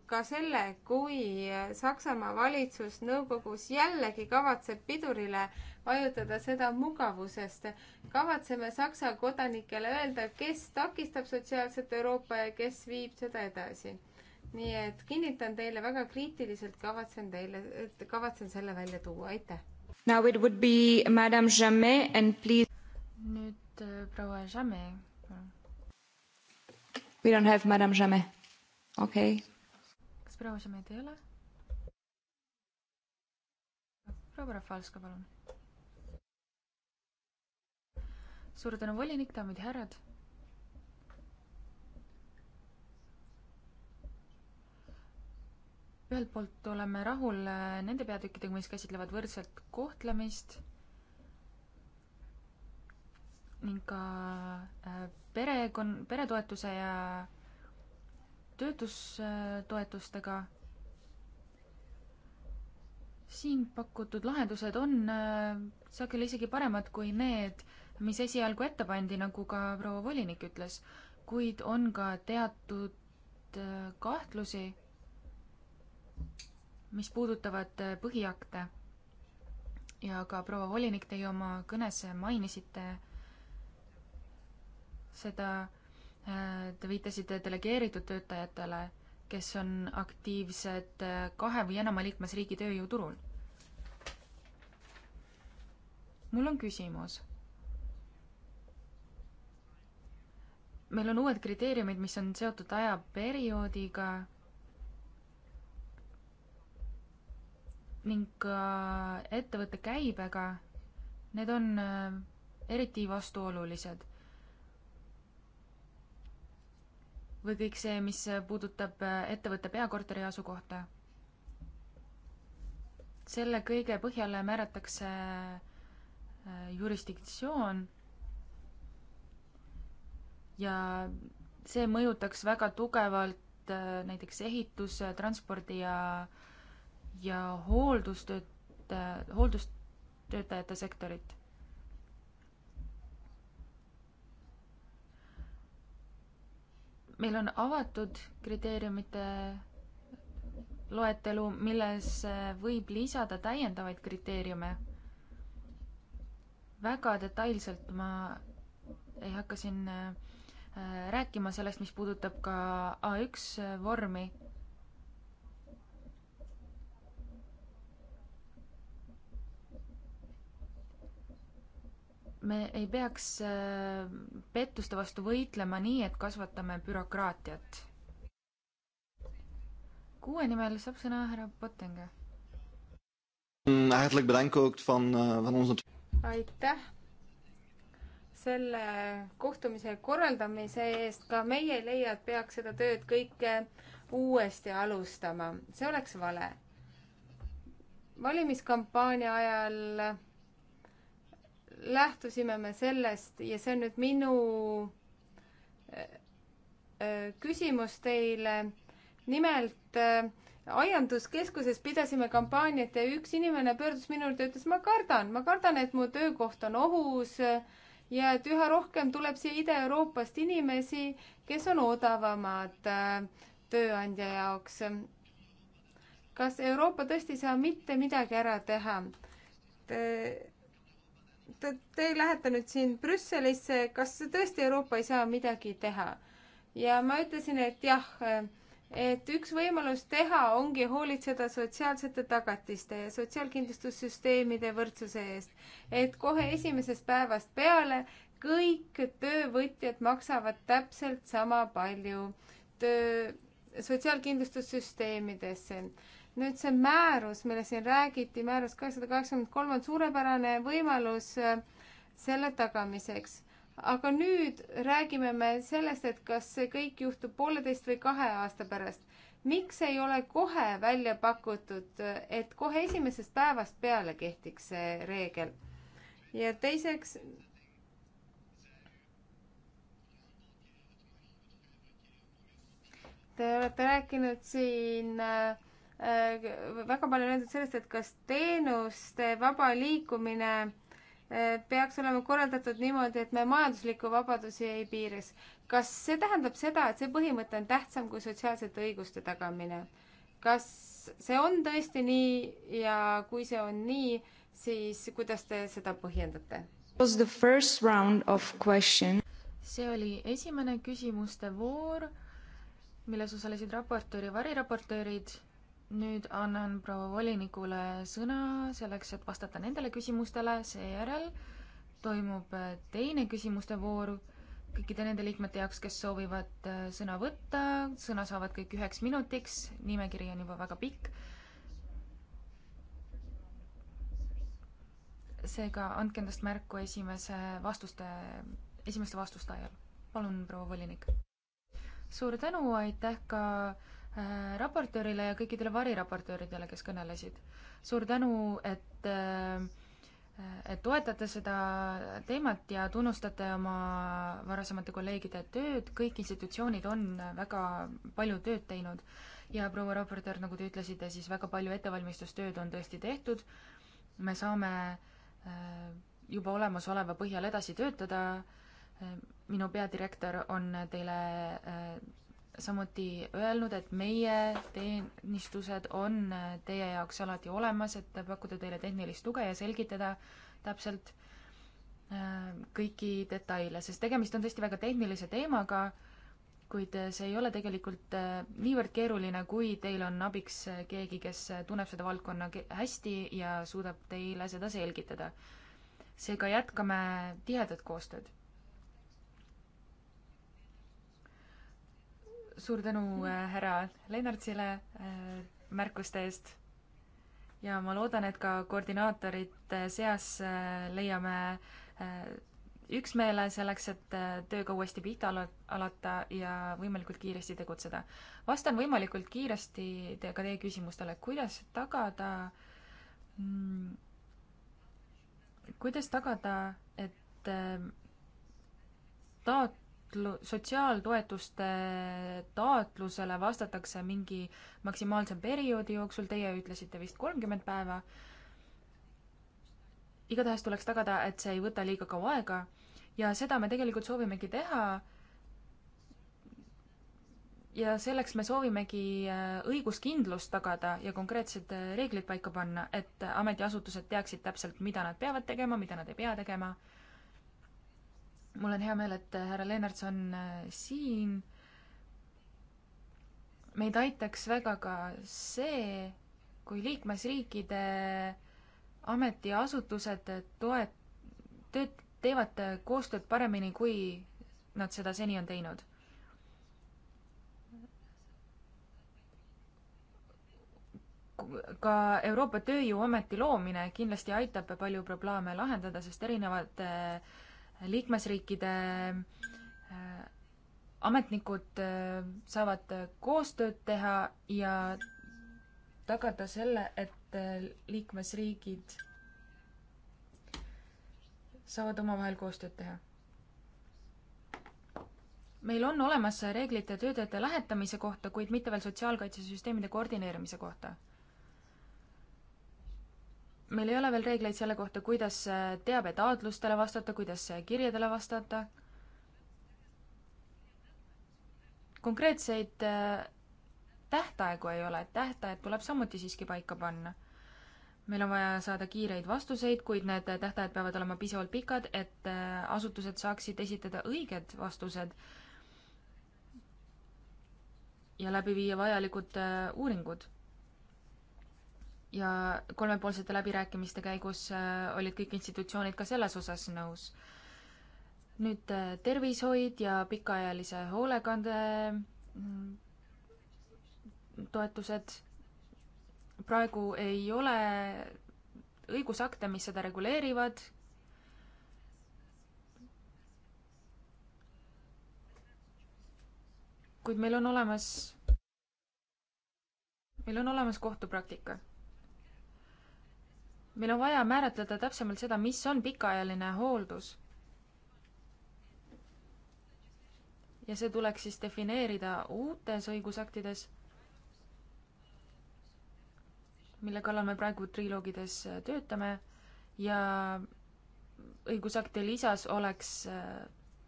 ka selle, kui Saksamaa valitsus nõukogus jällegi kavatseb pidurile äh, vajutada seda mugavusest. kavatseme Saksa kodanikele öelda, kes takistab sotsiaalset Euroopa ja kes viib seda edasi. nii et kinnitan teile väga kriitiliselt, kavatsen teile, kavatsen selle välja tuua, aitäh. Now it would be Madame Jamet and please. nüüd äh, proua Jamet. We don't have Madame Jamet. okei okay.. kas proua Jamet ei ole? proua Rafalska, palun suur tänu, volinik, daamid ja härrad. ühelt poolt oleme rahul eh, nende peatükkidega, mis käsitlevad võrdset kohtlemist ning ka eh, perekon-, peretoetuse ja töötustoetustega. siin pakutud lahendused on eh, sageli isegi paremad kui need, mis esialgu ette pandi, nagu ka proua volinik ütles, kuid on ka teatud äh, kahtlusi, mis puudutavad äh, põhiakte. ja ka proua volinik, teie oma kõnes mainisite seda, äh, te viitasite delegeeritud töötajatele, kes on aktiivsed kahe või enama liikmesriigi tööjõuturul. mul on küsimus meil on uued kriteeriumid, mis on seotud ajaperioodiga ning ka ettevõtte käibega. Need on äh, eriti vastuolulised. või kõik see, mis puudutab äh, ettevõtte peakorteri asukohta. selle kõige põhjal määratakse äh, jurisdiktsioon ja see mõjutaks väga tugevalt äh, näiteks ehitus, transpordi ja, ja hooldustöötaja, hooldustöötajate sektorit. meil on avatud kriteeriumite loetelu, milles äh, võib lisada täiendavaid kriteeriume. väga detailselt ma ei hakka siin äh, Äh, rääkima sellest, mis puudutab ka A1 vormi. me ei peaks äh, pettuste vastu võitlema nii, et kasvatame bürokraatiat. kuue nimel saab sõna härra Pottinga. Mm, eh, aitäh selle kohtumise korraldamise eest. ka meie ei leia, et peaks seda tööd kõike uuesti alustama, see oleks vale. valimiskampaania ajal lähtusime me sellest ja see on nüüd minu äh, äh, küsimus teile. nimelt äh, aianduskeskuses pidasime kampaaniat ja üks inimene pöördus minu juurde ja ütles, ma kardan, ma kardan, et mu töökoht on ohus ja et üha rohkem tuleb siia Ida-Euroopast inimesi, kes on odavamad äh, tööandja jaoks. kas Euroopa tõesti ei saa mitte midagi ära teha? te, te lähete nüüd siin Brüsselisse, kas tõesti Euroopa ei saa midagi teha? ja ma ütlesin, et jah äh, et üks võimalus teha ongi hoolitseda sotsiaalsete tagatiste ja sotsiaalkindlustussüsteemide võrdsuse eest. et kohe esimesest päevast peale kõik töövõtjad maksavad täpselt sama palju töö, sotsiaalkindlustussüsteemidesse. nüüd see määrus, millest siin räägiti, määrus kakssada kaheksakümmend kolm on suurepärane võimalus äh, selle tagamiseks aga nüüd räägime me sellest, et kas see kõik juhtub pooleteist või kahe aasta pärast. miks ei ole kohe välja pakutud, et kohe esimesest päevast peale kehtiks see reegel? ja teiseks, te olete rääkinud siin äh, äh väga palju öeldud sellest, et kas teenuste vaba liikumine äh, Äh, peaks olema korraldatud niimoodi, et me majanduslikku vabadusi ei piiris. kas see tähendab seda, et see põhimõte on tähtsam kui sotsiaalsete õiguste tagamine? kas see on tõesti nii ja kui see on nii, siis kuidas te seda põhjendate? see oli esimene küsimuste voor, milles osalesid raportööri variraportöörid nüüd annan proua volinikule sõna selleks, et vastata nendele küsimustele, seejärel toimub äh, teine küsimuste voor kõikide nende liikmete jaoks, kes soovivad äh, sõna võtta, sõna saavad kõik üheks minutiks, nimekiri on juba väga pikk. seega andke endast märku esimese vastuste, esimeste vastuste ajal. palun, proua volinik. suur tänu, aitäh ka äh, Äh, raportöörile ja kõikidele variraportööridele, kes kõnelesid. suur tänu, et, äh, et toetate seda teemat ja tunnustate oma varasemate kolleegide tööd, kõik institutsioonid on väga palju tööd teinud ja proua raportöör, nagu te ütlesite, siis väga palju ettevalmistustööd on tõesti tehtud, me saame äh, juba olemasoleva põhjal edasi töötada, minu peadirektor on teile samuti öelnud, et meie teenistused on äh, teie jaoks alati olemas, et pakkuda teile tehnilist tuge ja selgitada täpselt äh, kõiki detaile, sest tegemist on tõesti väga tehnilise teemaga, kuid äh, see ei ole tegelikult niivõrd keeruline, kui teil on abiks keegi, kes tunneb seda valdkonna hästi ja suudab teile seda selgitada. seega jätkame tihedat koostööd suur tänu äh, härra Lennartsile äh, märkuste eest ja ma loodan, et ka koordinaatorite seas äh, leiame üksmeele selleks, et tööga uuesti pihta alata ja võimalikult kiiresti tegutseda. vastan võimalikult kiiresti te, ka teie küsimustele, kuidas tagada, mm, kuidas tagada, et taot-, taotlu, sotsiaaltoetuste taotlusele vastatakse mingi maksimaalse perioodi jooksul, teie ütlesite vist kolmkümmend päeva. igatahes tuleks tagada, et see ei võta liiga kaua aega ja seda me tegelikult soovimegi teha. ja selleks me soovimegi äh, õiguskindlust tagada ja konkreetsed äh, reeglid paika panna, et ametiasutused teaksid täpselt, mida nad peavad tegema, mida nad ei pea tegema mul on hea meel, et äh, härra Lennarts on äh, siin. meid aitaks väga ka see, kui liikmesriikide ametiasutused toet-, tööt-, teevad äh, koostööd paremini, kui nad seda seni on teinud. ka Euroopa Tööjõuameti loomine kindlasti aitab palju probleeme lahendada, sest erinevad äh, liikmesriikide äh, ametnikud äh, saavad koostööd teha ja tagada selle, et äh, liikmesriigid saavad omavahel koostööd teha. meil on olemas reeglid töötajate lähetamise kohta, kuid mitte veel sotsiaalkaitsesüsteemide koordineerimise kohta meil ei ole veel reegleid selle kohta, kuidas äh, teabetaotlustele vastata, kuidas äh, kirjadele vastata. konkreetseid äh, tähtaegu ei ole, tähtajad tuleb samuti siiski paika panna. meil on vaja saada kiireid vastuseid, kuid need tähtajad peavad olema piisavalt pikad, et asutused saaksid esitada õiged vastused ja läbi viia vajalikud uuringud ja kolmepoolsete läbirääkimiste käigus äh, olid kõik institutsioonid ka selles osas nõus. nüüd äh, tervishoid ja pikaajalise hoolekande mm, toetused. praegu ei ole õigusakte, mis seda reguleerivad. kuid meil on olemas, meil on olemas kohtupraktika meil on vaja määratleda täpsemalt seda, mis on pikaajaline hooldus. ja see tuleks siis defineerida uutes õigusaktides, mille kallal me praegu triloogides töötame ja õigusakti lisas oleks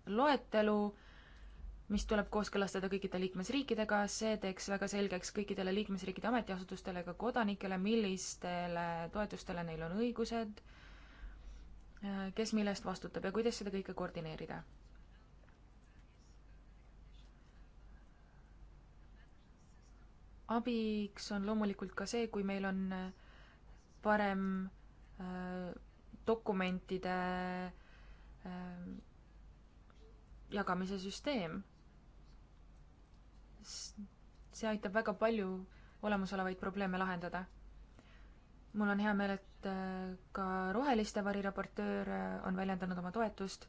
loetelu äh, mis tuleb kooskõlastada kõikide liikmesriikidega, see teeks väga selgeks kõikidele liikmesriikide ametiasutustele, ka kodanikele, millistele toetustele neil on õigused, kes mille eest vastutab ja kuidas seda kõike koordineerida. abiks on loomulikult ka see, kui meil on parem äh, dokumentide äh, jagamise süsteem see aitab väga palju olemasolevaid probleeme lahendada. mul on hea meel, et äh, ka Roheliste variraportöör äh, on väljendanud oma toetust.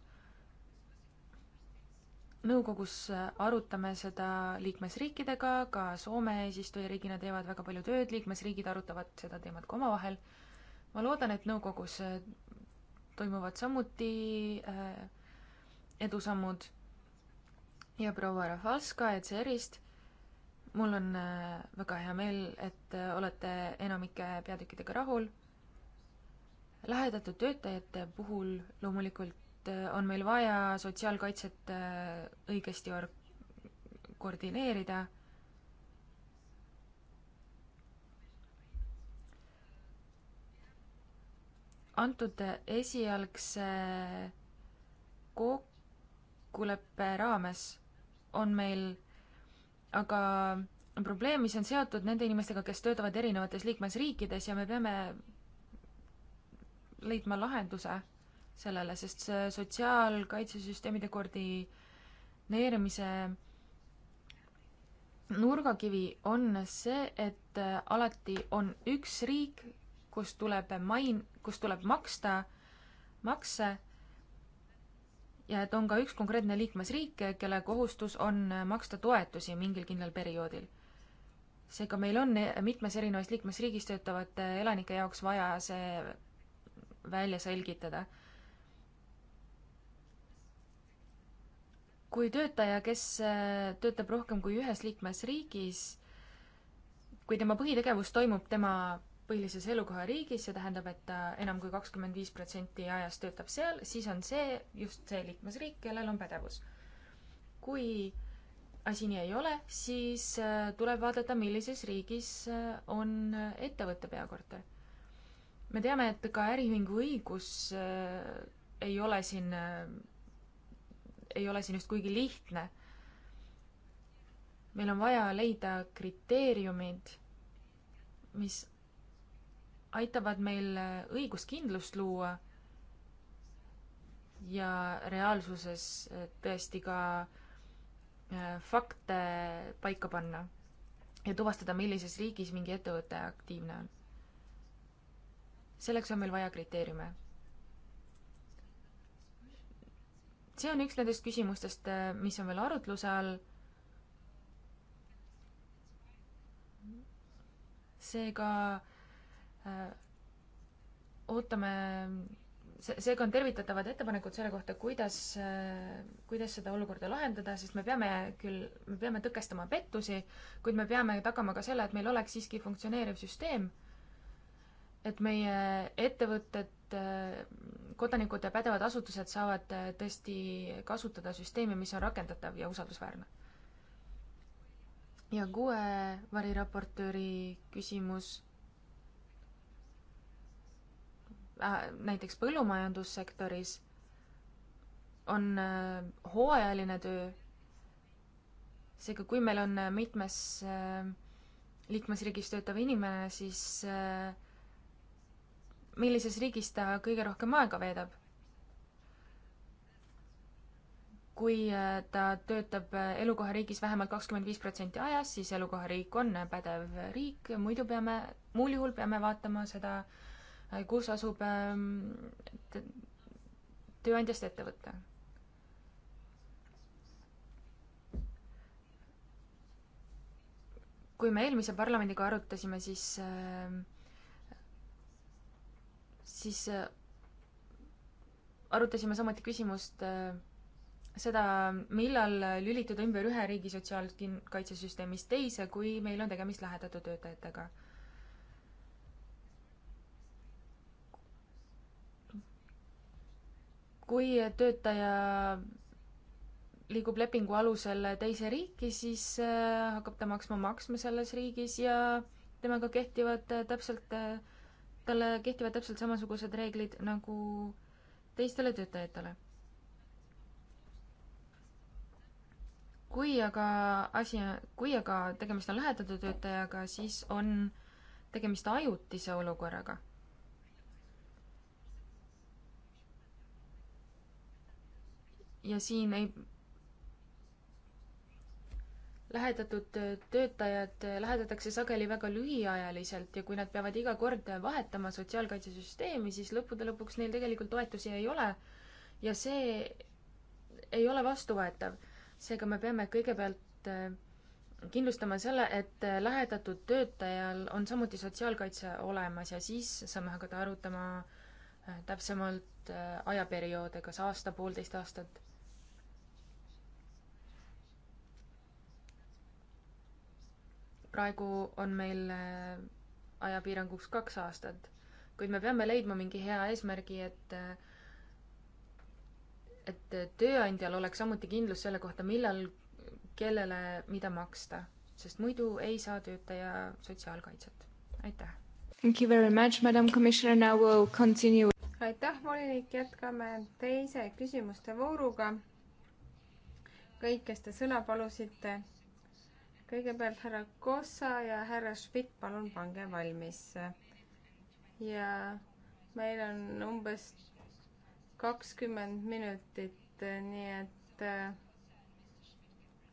nõukogus äh, arutame seda liikmesriikidega, ka Soome eesistujariigina teevad väga palju tööd, liikmesriigid arutavad seda teemat ka omavahel. ma loodan, et nõukogus toimuvad samuti edusammud ja proua Rafalska ECR-ist mul on äh, väga hea meel, et äh, olete enamike peatükkidega rahul. lähedatud töötajate puhul loomulikult äh, on meil vaja sotsiaalkaitset õigesti or-, koordineerida. antud esialgse kokkuleppe raames on meil aga probleem, mis on seotud nende inimestega, kes töötavad erinevates liikmesriikides ja me peame leidma lahenduse sellele, sest sotsiaalkaitsesüsteemide koordineerimise nurgakivi on see, et alati on üks riik, kus tuleb main-, kus tuleb maksta makse ja et on ka üks konkreetne liikmesriik, kelle kohustus on maksta toetusi mingil kindlal perioodil. seega meil on mitmes erinevas liikmesriigis töötavate elanike jaoks vaja see välja selgitada. kui töötaja, kes töötab rohkem kui ühes liikmesriigis, kui tema põhitegevus toimub tema põhilises elukohariigis, see tähendab, et ta äh, enam kui kakskümmend viis protsenti ajast töötab seal, siis on see just see liikmesriik, kellel on pädevus. kui asi nii ei ole, siis äh, tuleb vaadata, millises riigis äh, on ettevõtte peakorter. me teame, et ka äriühingu õigus ei ole siin, ei ole siin just kuigi lihtne. meil on vaja leida kriteeriumid, mis aitavad meil õiguskindlust luua ja reaalsuses eh, tõesti ka eh, fakte paika panna ja tuvastada, millises riigis mingi ettevõte aktiivne on. selleks on meil vaja kriteeriume. see on üks nendest küsimustest, eh, mis on veel arutluse all. seega Äh, ootame, seega on tervitatavad ettepanekud selle kohta, kuidas, äh, kuidas seda olukorda lahendada, sest me peame küll, me peame tõkestama pettusi, kuid me peame tagama ka selle, et meil oleks siiski funktsioneeriv süsteem, et meie ettevõtted, äh, kodanikud ja pädevad asutused saavad tõesti kasutada süsteemi, mis on rakendatav ja usaldusväärne ja kuue variraportööri küsimus Äh, näiteks põllumajandussektoris on äh, hooajaline töö, seega kui meil on äh, mitmes liikmesriigis töötav inimene, siis millises riigis ta kõige rohkem aega veedab? kui ta töötab elukohariigis vähemalt kakskümmend viis protsenti ajast, siis elukohariik on pädev riik, muidu peame, muul juhul peame vaatama seda äh, Äh, kus asub ähm, tööandjast ettevõte. kui me eelmise parlamendiga arutasime, siis, ähm, siis äh, arutasime samuti küsimust äh, seda, millal lülituda ümber ühe riigi sotsiaalkaitsesüsteemist teise, kui meil on tegemist lähedatud töötajatega kui töötaja liigub lepingu alusel teise riiki, siis äh, hakkab ta maksma maksma selles riigis ja temaga kehtivad äh, täpselt, äh, talle kehtivad täpselt samasugused reeglid nagu teistele töötajatele. kui aga asi, kui aga tegemist on lähetatud töötajaga, siis on tegemist ajutise olukorraga ja siin ei lähedatud töötajad lähedatakse sageli väga lühiajaliselt ja kui nad peavad iga kord vahetama sotsiaalkaitsesüsteemi, siis lõppude lõpuks neil tegelikult toetusi ei ole. ja see ei ole vastuvõetav. seega me peame kõigepealt äh, kindlustama selle, et äh, lähedatud töötajal on samuti sotsiaalkaitse olemas ja siis saame hakata arutama äh, täpsemalt ajaperioode, kas aasta, poolteist aastat praegu on meil äh, ajapiiranguks kaks aastat, kuid me peame leidma mingi hea eesmärgi, et äh, et tööandjal oleks samuti kindlus selle kohta, millal kellele mida maksta, sest muidu ei saa töötaja sotsiaalkaitset. aitäh! Thank you very much, madam commissioner, now we will continue. aitäh, volinik, jätkame teise küsimuste vooruga. kõik, kes te sõna palusite kõigepealt härra Kossa ja härra Schmidt, palun pange valmis. ja meil on umbes kakskümmend minutit, nii et äh,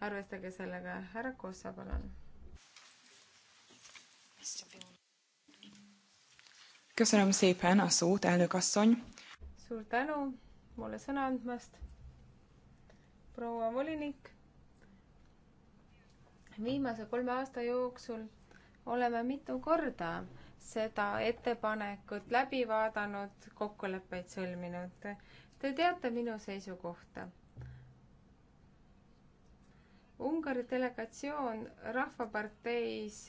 arvestage sellega. härra Kossa, palun. köszönöm szépen a szót, elnök asszony. suur tänu mulle sõna andmast, proua volinik viimase kolme aasta jooksul oleme mitu korda seda ettepanekut läbi vaadanud, kokkuleppeid sõlminud. Te teate minu seisukohta. Ungari delegatsioon Rahvaparteis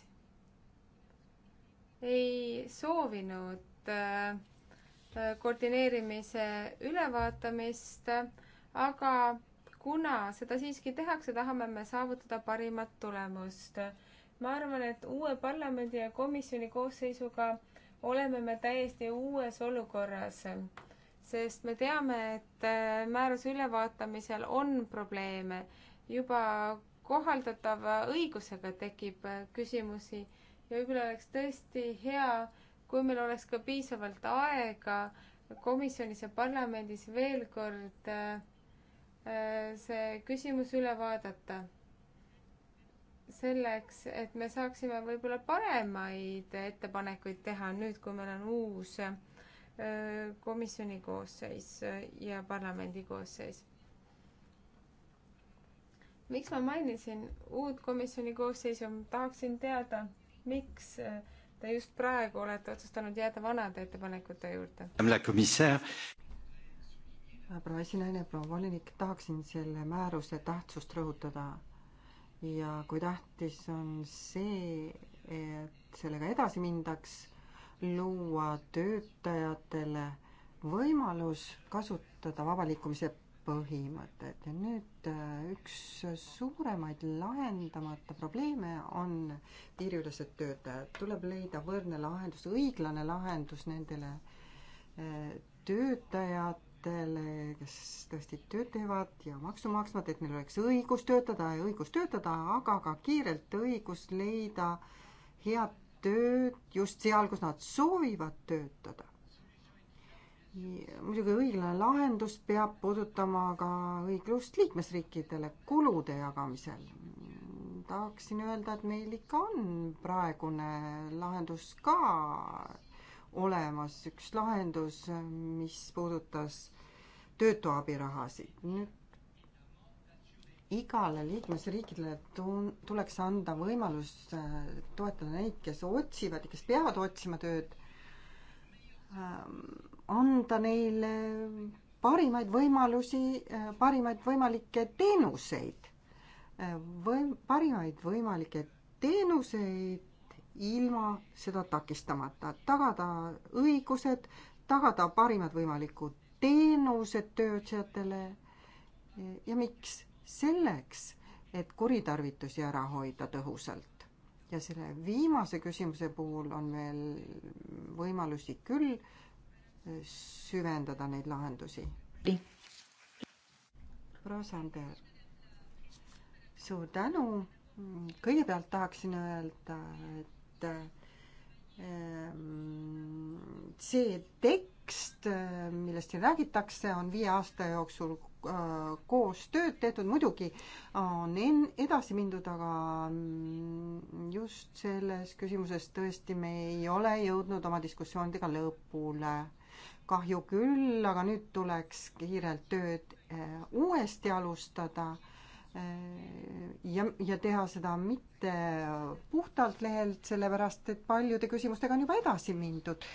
ei soovinud äh, koordineerimise ülevaatamist, aga kuna seda siiski tehakse, tahame me saavutada parimat tulemust. ma arvan, et uue parlamendi ja komisjoni koosseisuga oleme me täiesti uues olukorras, sest me teame, et äh, määruse ülevaatamisel on probleeme. juba kohaldatava õigusega tekib äh, küsimusi ja võib-olla oleks tõesti hea, kui meil oleks ka piisavalt aega komisjonis ja parlamendis veel kord äh, Äh, see küsimus üle vaadata. selleks, et me saaksime võib-olla paremaid ettepanekuid teha nüüd, kui meil on uus äh, komisjoni koosseis äh, ja parlamendi koosseis. miks ma mainisin uut komisjoni koosseisu, tahaksin teada, miks Te just praegu olete otsustanud jääda vanade ettepanekute juurde proua esinaine, proua volinik, tahaksin selle määruse tähtsust rõhutada. ja kui tähtis on see, et sellega edasi mindaks, luua töötajatele võimalus kasutada vaba liikumise põhimõtet ja nüüd äh, üks suuremaid lahendamata probleeme on piiriülesed töötajad. tuleb leida võrdne lahendus, õiglane lahendus nendele äh, töötajatele, ettevõtetele, kes tõesti tööd teevad ja maksu maksvad, et neil oleks õigus töötada ja õigus töötada, aga ka kiirelt õigus leida head tööd just seal, kus nad soovivad töötada. muidugi õiglane lahendus peab puudutama ka õiglust liikmesriikidele kulude jagamisel. tahaksin öelda, et meil ikka on praegune lahendus ka olemas üks lahendus, mis puudutas töötu abirahasid. nüüd igale liikmesriigile tun-, tuleks anda võimalus äh, toetada neid, kes otsivad ja kes peavad otsima tööd, ähm, anda neile parimaid võimalusi, äh, parimaid võimalikke teenuseid äh, või parimaid võimalikke teenuseid ilma seda takistamata, tagada õigused, tagada parimad võimalikud teenused töötajatele. ja miks? selleks, et kuritarvitusi ära hoida tõhusalt. ja selle viimase küsimuse puhul on veel võimalusi küll süvendada neid lahendusi. proua Sander, suur tänu. kõigepealt tahaksin öelda, et et ehm, see tekst, millest siin räägitakse, on viie aasta jooksul äh, koos tööd tehtud, muidugi on en-, edasi mindud, aga mm, just selles küsimuses tõesti me ei ole jõudnud oma diskussioonidega lõpule. kahju küll, aga nüüd tuleks kiirelt tööd äh, uuesti alustada Äh, ja, ja teha seda mitte puhtalt lehelt, sellepärast et paljude küsimustega on juba edasi mindud.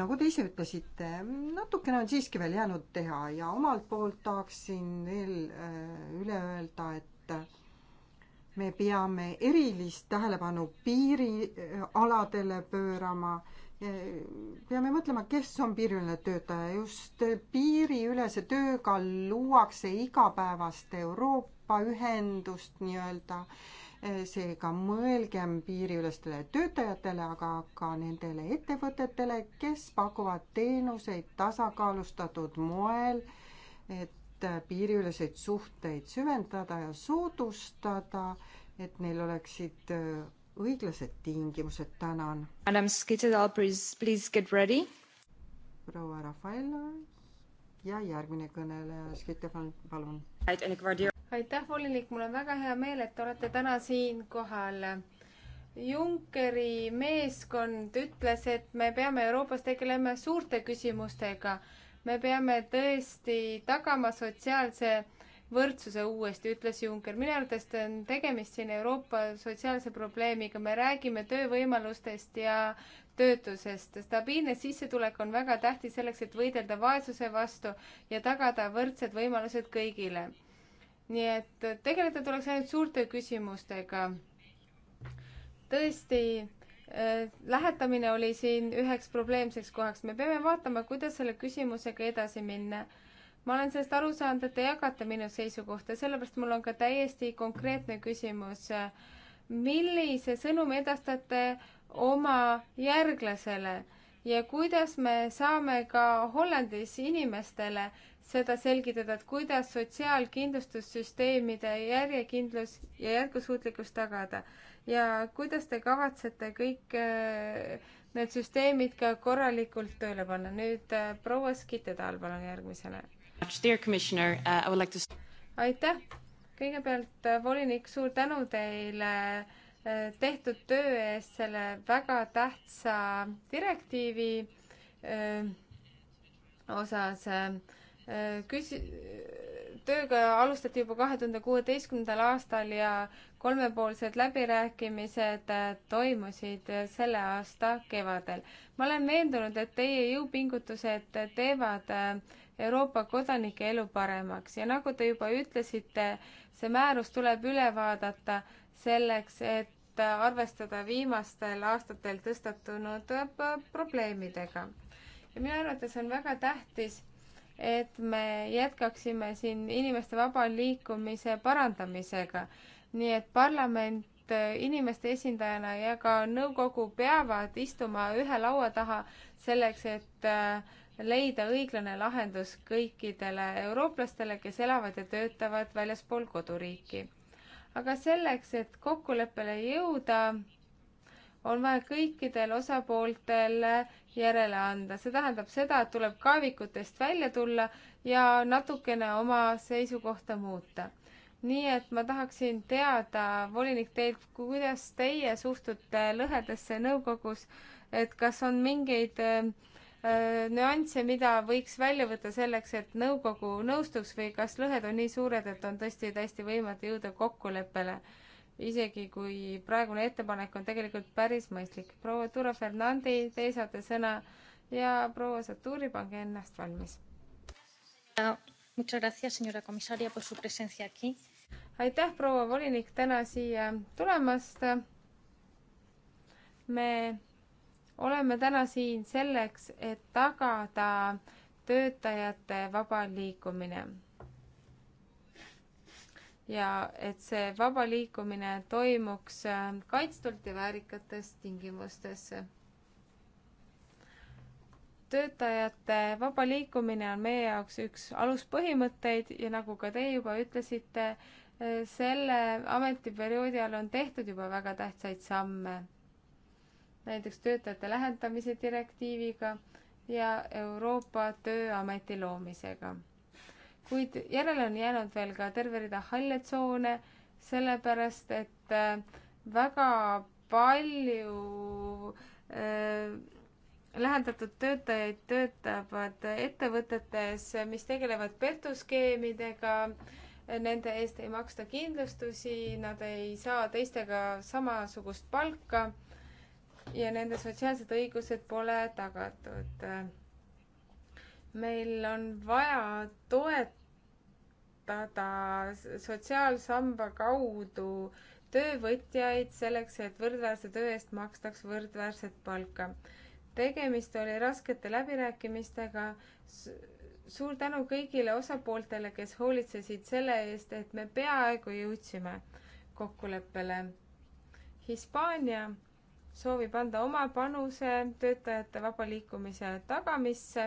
nagu te ise ütlesite, natukene on siiski veel jäänud teha ja omalt poolt tahaksin veel äh, üle öelda, et me peame erilist tähelepanu piirialadele pöörama, äh, peame mõtlema, kes on piiriline töötaja, just piiriülese tööga luuakse igapäevast Euroopa vabaühendust nii-öelda, eh, seega mõelgem piiriülestele töötajatele, aga ka nendele ettevõtetele, kes pakuvad teenuseid tasakaalustatud moel, et eh, piiriüleseid suhteid süvendada ja soodustada, et neil oleksid eh, õiglased tingimused, tänan. Madam Skitedal, please, please get ready. proua Rafaela ja järgmine kõneleja, Skitedal, palun aitäh, volinik, mul on väga hea meel, et te olete täna siin kohal. Junckeri meeskond ütles, et me peame Euroopas tegelema suurte küsimustega. me peame tõesti tagama sotsiaalse võrdsuse uuesti, ütles Juncker. minu arvates on tegemist siin Euroopa sotsiaalse probleemiga, me räägime töövõimalustest ja töötusest. stabiilne sissetulek on väga tähtis selleks, et võidelda vaesuse vastu ja tagada võrdsed võimalused kõigile nii et tegeleda tuleks ainult suurte küsimustega. tõesti eh,, lähetamine oli siin üheks probleemseks kohaks, me peame vaatama, kuidas selle küsimusega edasi minna. ma olen sellest aru saanud, et te jagate minu seisukohta, sellepärast mul on ka täiesti konkreetne küsimus. millise sõnumi edastate oma järglasele? ja kuidas me saame ka Hollandis inimestele seda selgitada, et kuidas sotsiaalkindlustussüsteemide järjekindlus ja jätkusuutlikkus tagada ja kuidas te kavatsete kõik äh, need süsteemid ka korralikult tööle panna. nüüd äh, proua Skitedal, palun järgmisena. Uh, aitäh, kõigepealt äh, volinik, suur tänu teile tehtud töö eest selle väga tähtsa direktiivi äh, osas. Äh, küsi-, tööga alustati juba kahe tuhande kuueteistkümnendal aastal ja kolmepoolsed läbirääkimised äh, toimusid selle aasta kevadel. ma olen veendunud, et teie jõupingutused teevad Euroopa kodanike elu paremaks ja nagu te juba ütlesite, see määrus tuleb üle vaadata selleks, et et arvestada viimastel aastatel tõstatunud äh, probleemidega. ja minu arvates on väga tähtis, et me jätkaksime siin inimeste vaba liikumise parandamisega. nii et parlament äh, inimeste esindajana ja ka nõukogu peavad istuma ühe laua taha selleks, et äh, leida õiglane lahendus kõikidele eurooplastele, kes elavad ja töötavad väljaspool koduriiki aga selleks, et kokkuleppele jõuda, on vaja kõikidel osapooltel järele anda, see tähendab seda, et tuleb kaevikutest välja tulla ja natukene oma seisukohta muuta. nii et ma tahaksin teada, volinik teilt, kuidas teie suhtute lõhedesse nõukogus, et kas on mingeid äh, Äh, nüansse, mida võiks välja võtta selleks, et nõukogu nõustuks või kas lõhed on nii suured, et on tõesti täiesti võimatu jõuda kokkuleppele? isegi kui praegune ettepanek on tegelikult päris mõistlik. proua Tura Fernandi, te saate sõna ja proua Saturi, pange ennast valmis. aitäh, proua volinik, täna siia tulemast. me oleme täna siin selleks, et tagada töötajate vaba liikumine. ja et see vaba liikumine toimuks äh, kaitstult ja väärikates tingimustes. töötajate vaba liikumine on meie jaoks üks aluspõhimõtteid ja nagu ka teie juba ütlesite, äh, selle ametiperioodi ajal on tehtud juba väga tähtsaid samme näiteks töötajate lähendamise direktiiviga ja Euroopa Tööameti loomisega. kuid järele on jäänud veel ka terve rida halle tsoone, sellepärast et äh, väga palju äh, lähendatud töötajaid töötavad ettevõtetes, mis tegelevad petuskeemidega, nende eest ei maksta kindlustusi, nad ei saa teistega samasugust palka ja nende sotsiaalsed õigused pole tagatud. meil on vaja toetada sotsiaalsamba kaudu töövõtjaid selleks, et võrdväärse töö eest makstaks võrdväärset palka. tegemist oli raskete läbirääkimistega suur tänu kõigile osapooltele, kes hoolitsesid selle eest, et me peaaegu jõudsime kokkuleppele. Hispaania soovib anda oma panuse töötajate vaba liikumise tagamisse,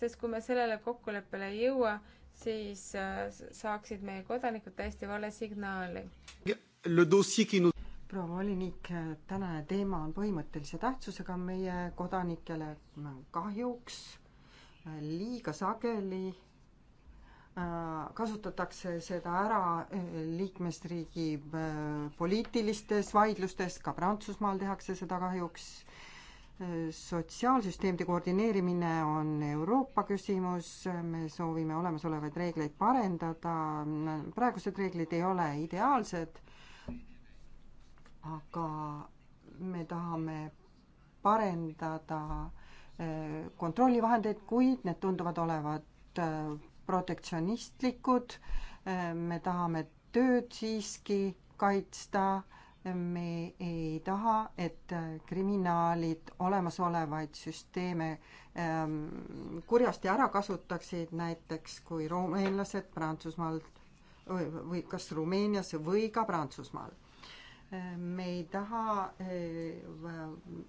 sest kui me sellele kokkuleppele ei jõua, siis äh, saaksid meie kodanikud täiesti vale signaali. proua volinik, tänane teema on põhimõttelise tähtsusega meie kodanikele. kahjuks äh, liiga sageli Äh, kasutatakse seda ära äh, liikmesriigi äh, poliitilistes vaidlustes, ka Prantsusmaal tehakse seda kahjuks. sotsiaalsüsteemide koordineerimine on Euroopa küsimus, me soovime olemasolevaid reegleid parendada, praegused reeglid ei ole ideaalsed, aga me tahame parendada kontrollivahendeid, kuid need tunduvad olevat protektsionistlikud, me tahame tööd siiski kaitsta, me ei taha, et kriminaalid olemasolevaid süsteeme ähm, kurjasti ära kasutaksid, näiteks kui rumeenlased Prantsusmaalt või kas Rumeenias või ka Prantsusmaal me ei taha,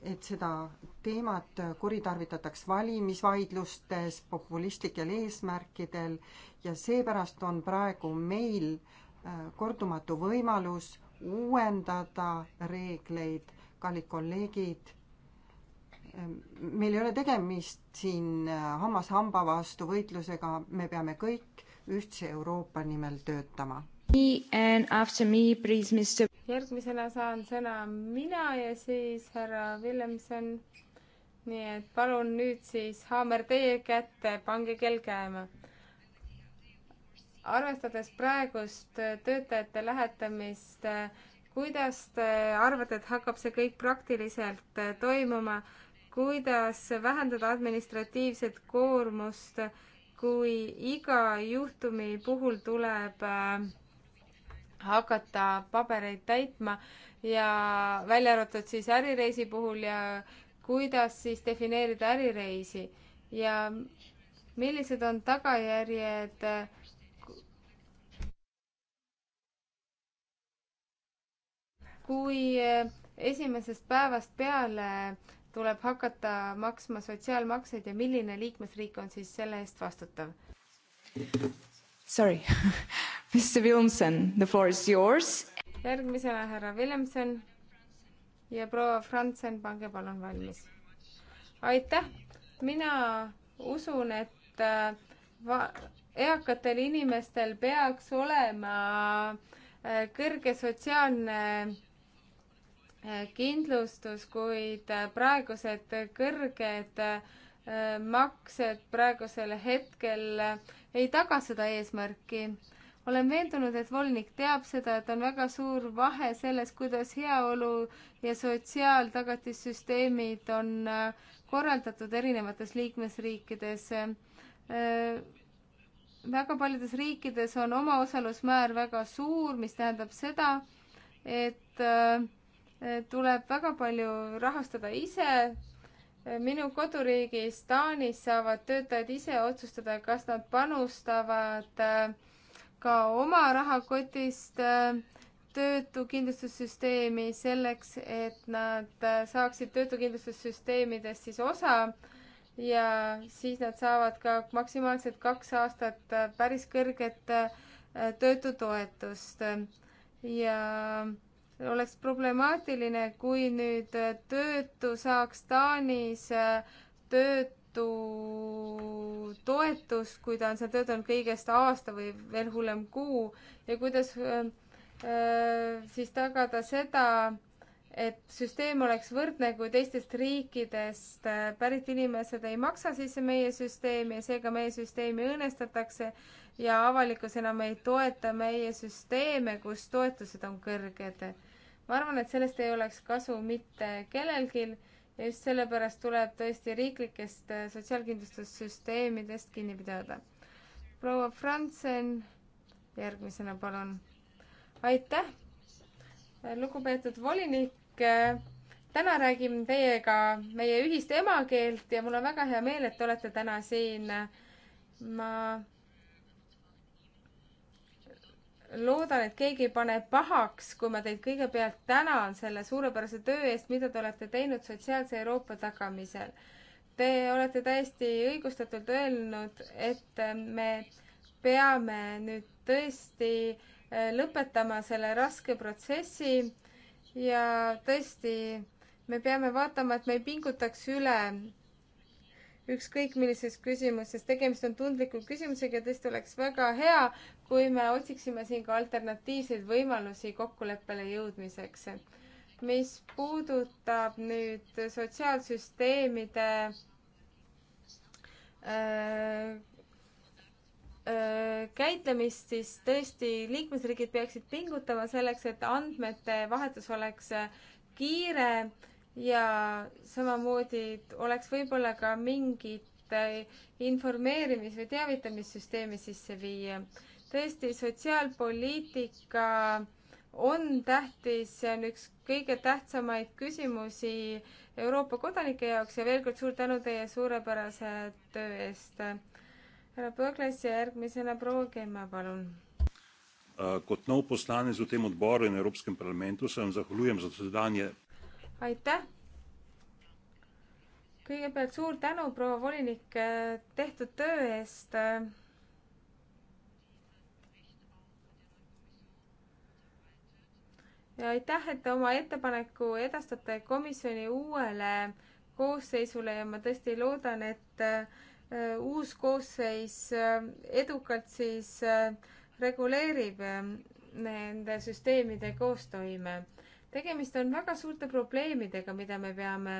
et seda teemat kuritarvitataks valimisvaidlustes populistlikel eesmärkidel ja seepärast on praegu meil äh, kordumatu võimalus uuendada reegleid, kallid kolleegid, ähm, meil ei ole tegemist siin äh, hammas hamba vastu võitlusega, me peame kõik ühtse Euroopa nimel töötama. Me and after me please Mr järgmisena saan sõna mina ja siis härra Villemson. nii et palun nüüd siis haamer teie kätte, pange kell käima. arvestades praegust töötajate lähetamist, kuidas te arvate, et hakkab see kõik praktiliselt toimuma? kuidas vähendada administratiivset koormust, kui iga juhtumi puhul tuleb äh, hakata pabereid täitma ja välja arvatud siis ärireisi puhul ja kuidas siis defineerida ärireisi ja millised on tagajärjed kui esimesest päevast peale tuleb hakata maksma sotsiaalmakseid ja milline liikmesriik on siis selle eest vastutav? Sorry Mr Wilmson, the floor is yours. järgmisena härra Williamson ja proua Franzen, pange palun valmis. aitäh, mina usun, et äh, va-, eakatel inimestel peaks olema äh, kõrge sotsiaalne äh, kindlustus, kuid praegused kõrged maksed praegusel hetkel ei taga seda eesmärki olen veendunud, et volinik teab seda, et on väga suur vahe selles, kuidas heaolu ja sotsiaaltagatissüsteemid on äh, korraldatud erinevates liikmesriikides. Äh, väga paljudes riikides on omaosalusmäär väga suur, mis tähendab seda, et äh, tuleb väga palju rahastada ise. minu koduriigis Taanis saavad töötajad ise otsustada, kas nad panustavad äh, ka oma rahakotist äh, töötukindlustussüsteemi selleks, et nad äh, saaksid töötukindlustussüsteemidest siis osa ja siis nad saavad ka maksimaalselt kaks aastat äh, päris kõrget töötutoetust. ja oleks problemaatiline, kui nüüd töötu saaks Taanis tööd tohutu toetus, kui ta on seal töötanud kõigest aasta või veel hullem kuu ja kuidas öö, äh, öö, äh, siis tagada seda, et süsteem oleks võrdne, kui teistest riikidest äh, pärit inimesed ei maksa sisse meie süsteemi ja seega meie süsteemi õõnestatakse ja avalikkus enam ei toeta meie süsteeme, kus toetused on kõrged. ma arvan, et sellest ei oleks kasu mitte kellelgi just sellepärast tuleb tõesti riiklikest äh, sotsiaalkindlustussüsteemidest kinni pidada. proua Franzen, järgmisena palun. aitäh, äh, lugupeetud volinik. Äh, täna räägin teiega meie ühist emakeelt ja mul on väga hea meel, et te olete täna siin. ma loodan, et keegi ei pane pahaks, kui ma teid kõigepealt tänan selle suurepärase töö eest, mida te olete teinud sotsiaalse Euroopa tagamisel. Te olete täiesti õigustatult öelnud, et eh, me peame nüüd tõesti eh, lõpetama selle raske protsessi ja tõesti, me peame vaatama, et me ei pingutaks üle ükskõik millises küsimuses, tegemist on tundliku küsimusega ja tõesti oleks väga hea, kui me otsiksime siin ka alternatiivseid võimalusi kokkuleppele jõudmiseks. mis puudutab nüüd sotsiaalsüsteemide äh, äh, käitlemist, siis tõesti liikmesriigid peaksid pingutama selleks, et andmete vahetus oleks kiire ja samamoodi oleks võib-olla ka mingit informeerimis- või teavitamissüsteemi sisse viia tõesti, sotsiaalpoliitika on tähtis, see on üks kõige tähtsamaid küsimusi Euroopa kodanike jaoks ja veel kord suur tänu teie suurepärase töö eest. härra Põglas ja järgmisena proua Kemma, palun. Äh, kot nov poslanec v tem odboru in Evropskem parlamentu se vam zahvaljujem za sodelovanje. aitäh. kõigepealt suur tänu, proua volinik, tehtud töö eest ja aitäh, et te oma ettepaneku edastate komisjoni uuele koosseisule ja ma tõesti loodan, et äh, uus koosseis äh, edukalt siis äh, reguleerib nende süsteemide koostoime. tegemist on väga suurte probleemidega, mida me peame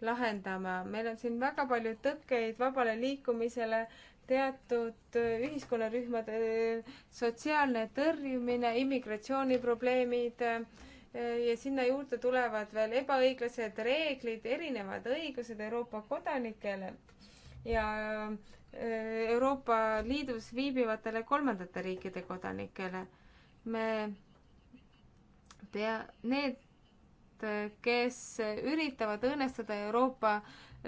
lahendama. meil on siin väga palju tõkkeid vabale liikumisele, teatud äh, ühiskonnarühmade äh, sotsiaalne tõrjumine, immigratsiooniprobleemid äh, ja sinna juurde tulevad veel ebaõiglased reeglid, erinevad õigused Euroopa kodanikele ja Euroopa Liidus viibivatele kolmandate riikide kodanikele. me pea, need, kes üritavad õõnestada Euroopa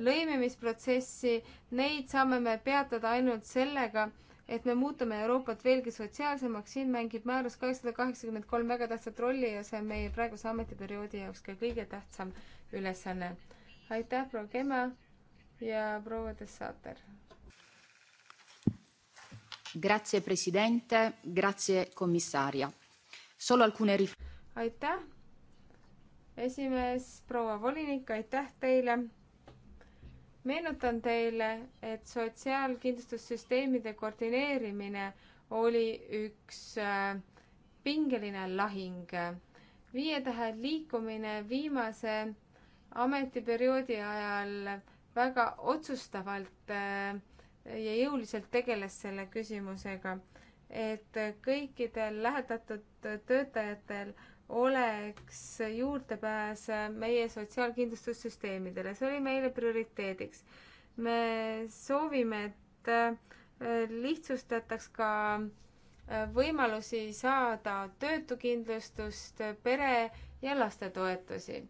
lõimimisprotsessi, neid saame me peatada ainult sellega, et me muutume Euroopat veelgi sotsiaalsemaks, siin mängib määrus kaheksasada kaheksakümmend kolm väga tähtsat rolli ja see on meie praeguse ametiperioodi jaoks ka kõige tähtsam ülesanne. aitäh, proua Kema ja proua Dessaater! Grazie Presidente, grazie Commissaria. Solo alcune rif-. aitäh, esimees, proua volinik, aitäh teile meenutan teile, et sotsiaalkindlustussüsteemide koordineerimine oli üks äh, pingeline lahing. viie tähe liikumine viimase ametiperioodi ajal väga otsustavalt äh, ja jõuliselt tegeles selle küsimusega, et kõikidel lähetatud töötajatel oleks juurdepääs meie sotsiaalkindlustussüsteemidele, see oli meile prioriteediks. me soovime, et äh, lihtsustataks ka äh, võimalusi saada töötukindlustust, pere- ja lastetoetusi.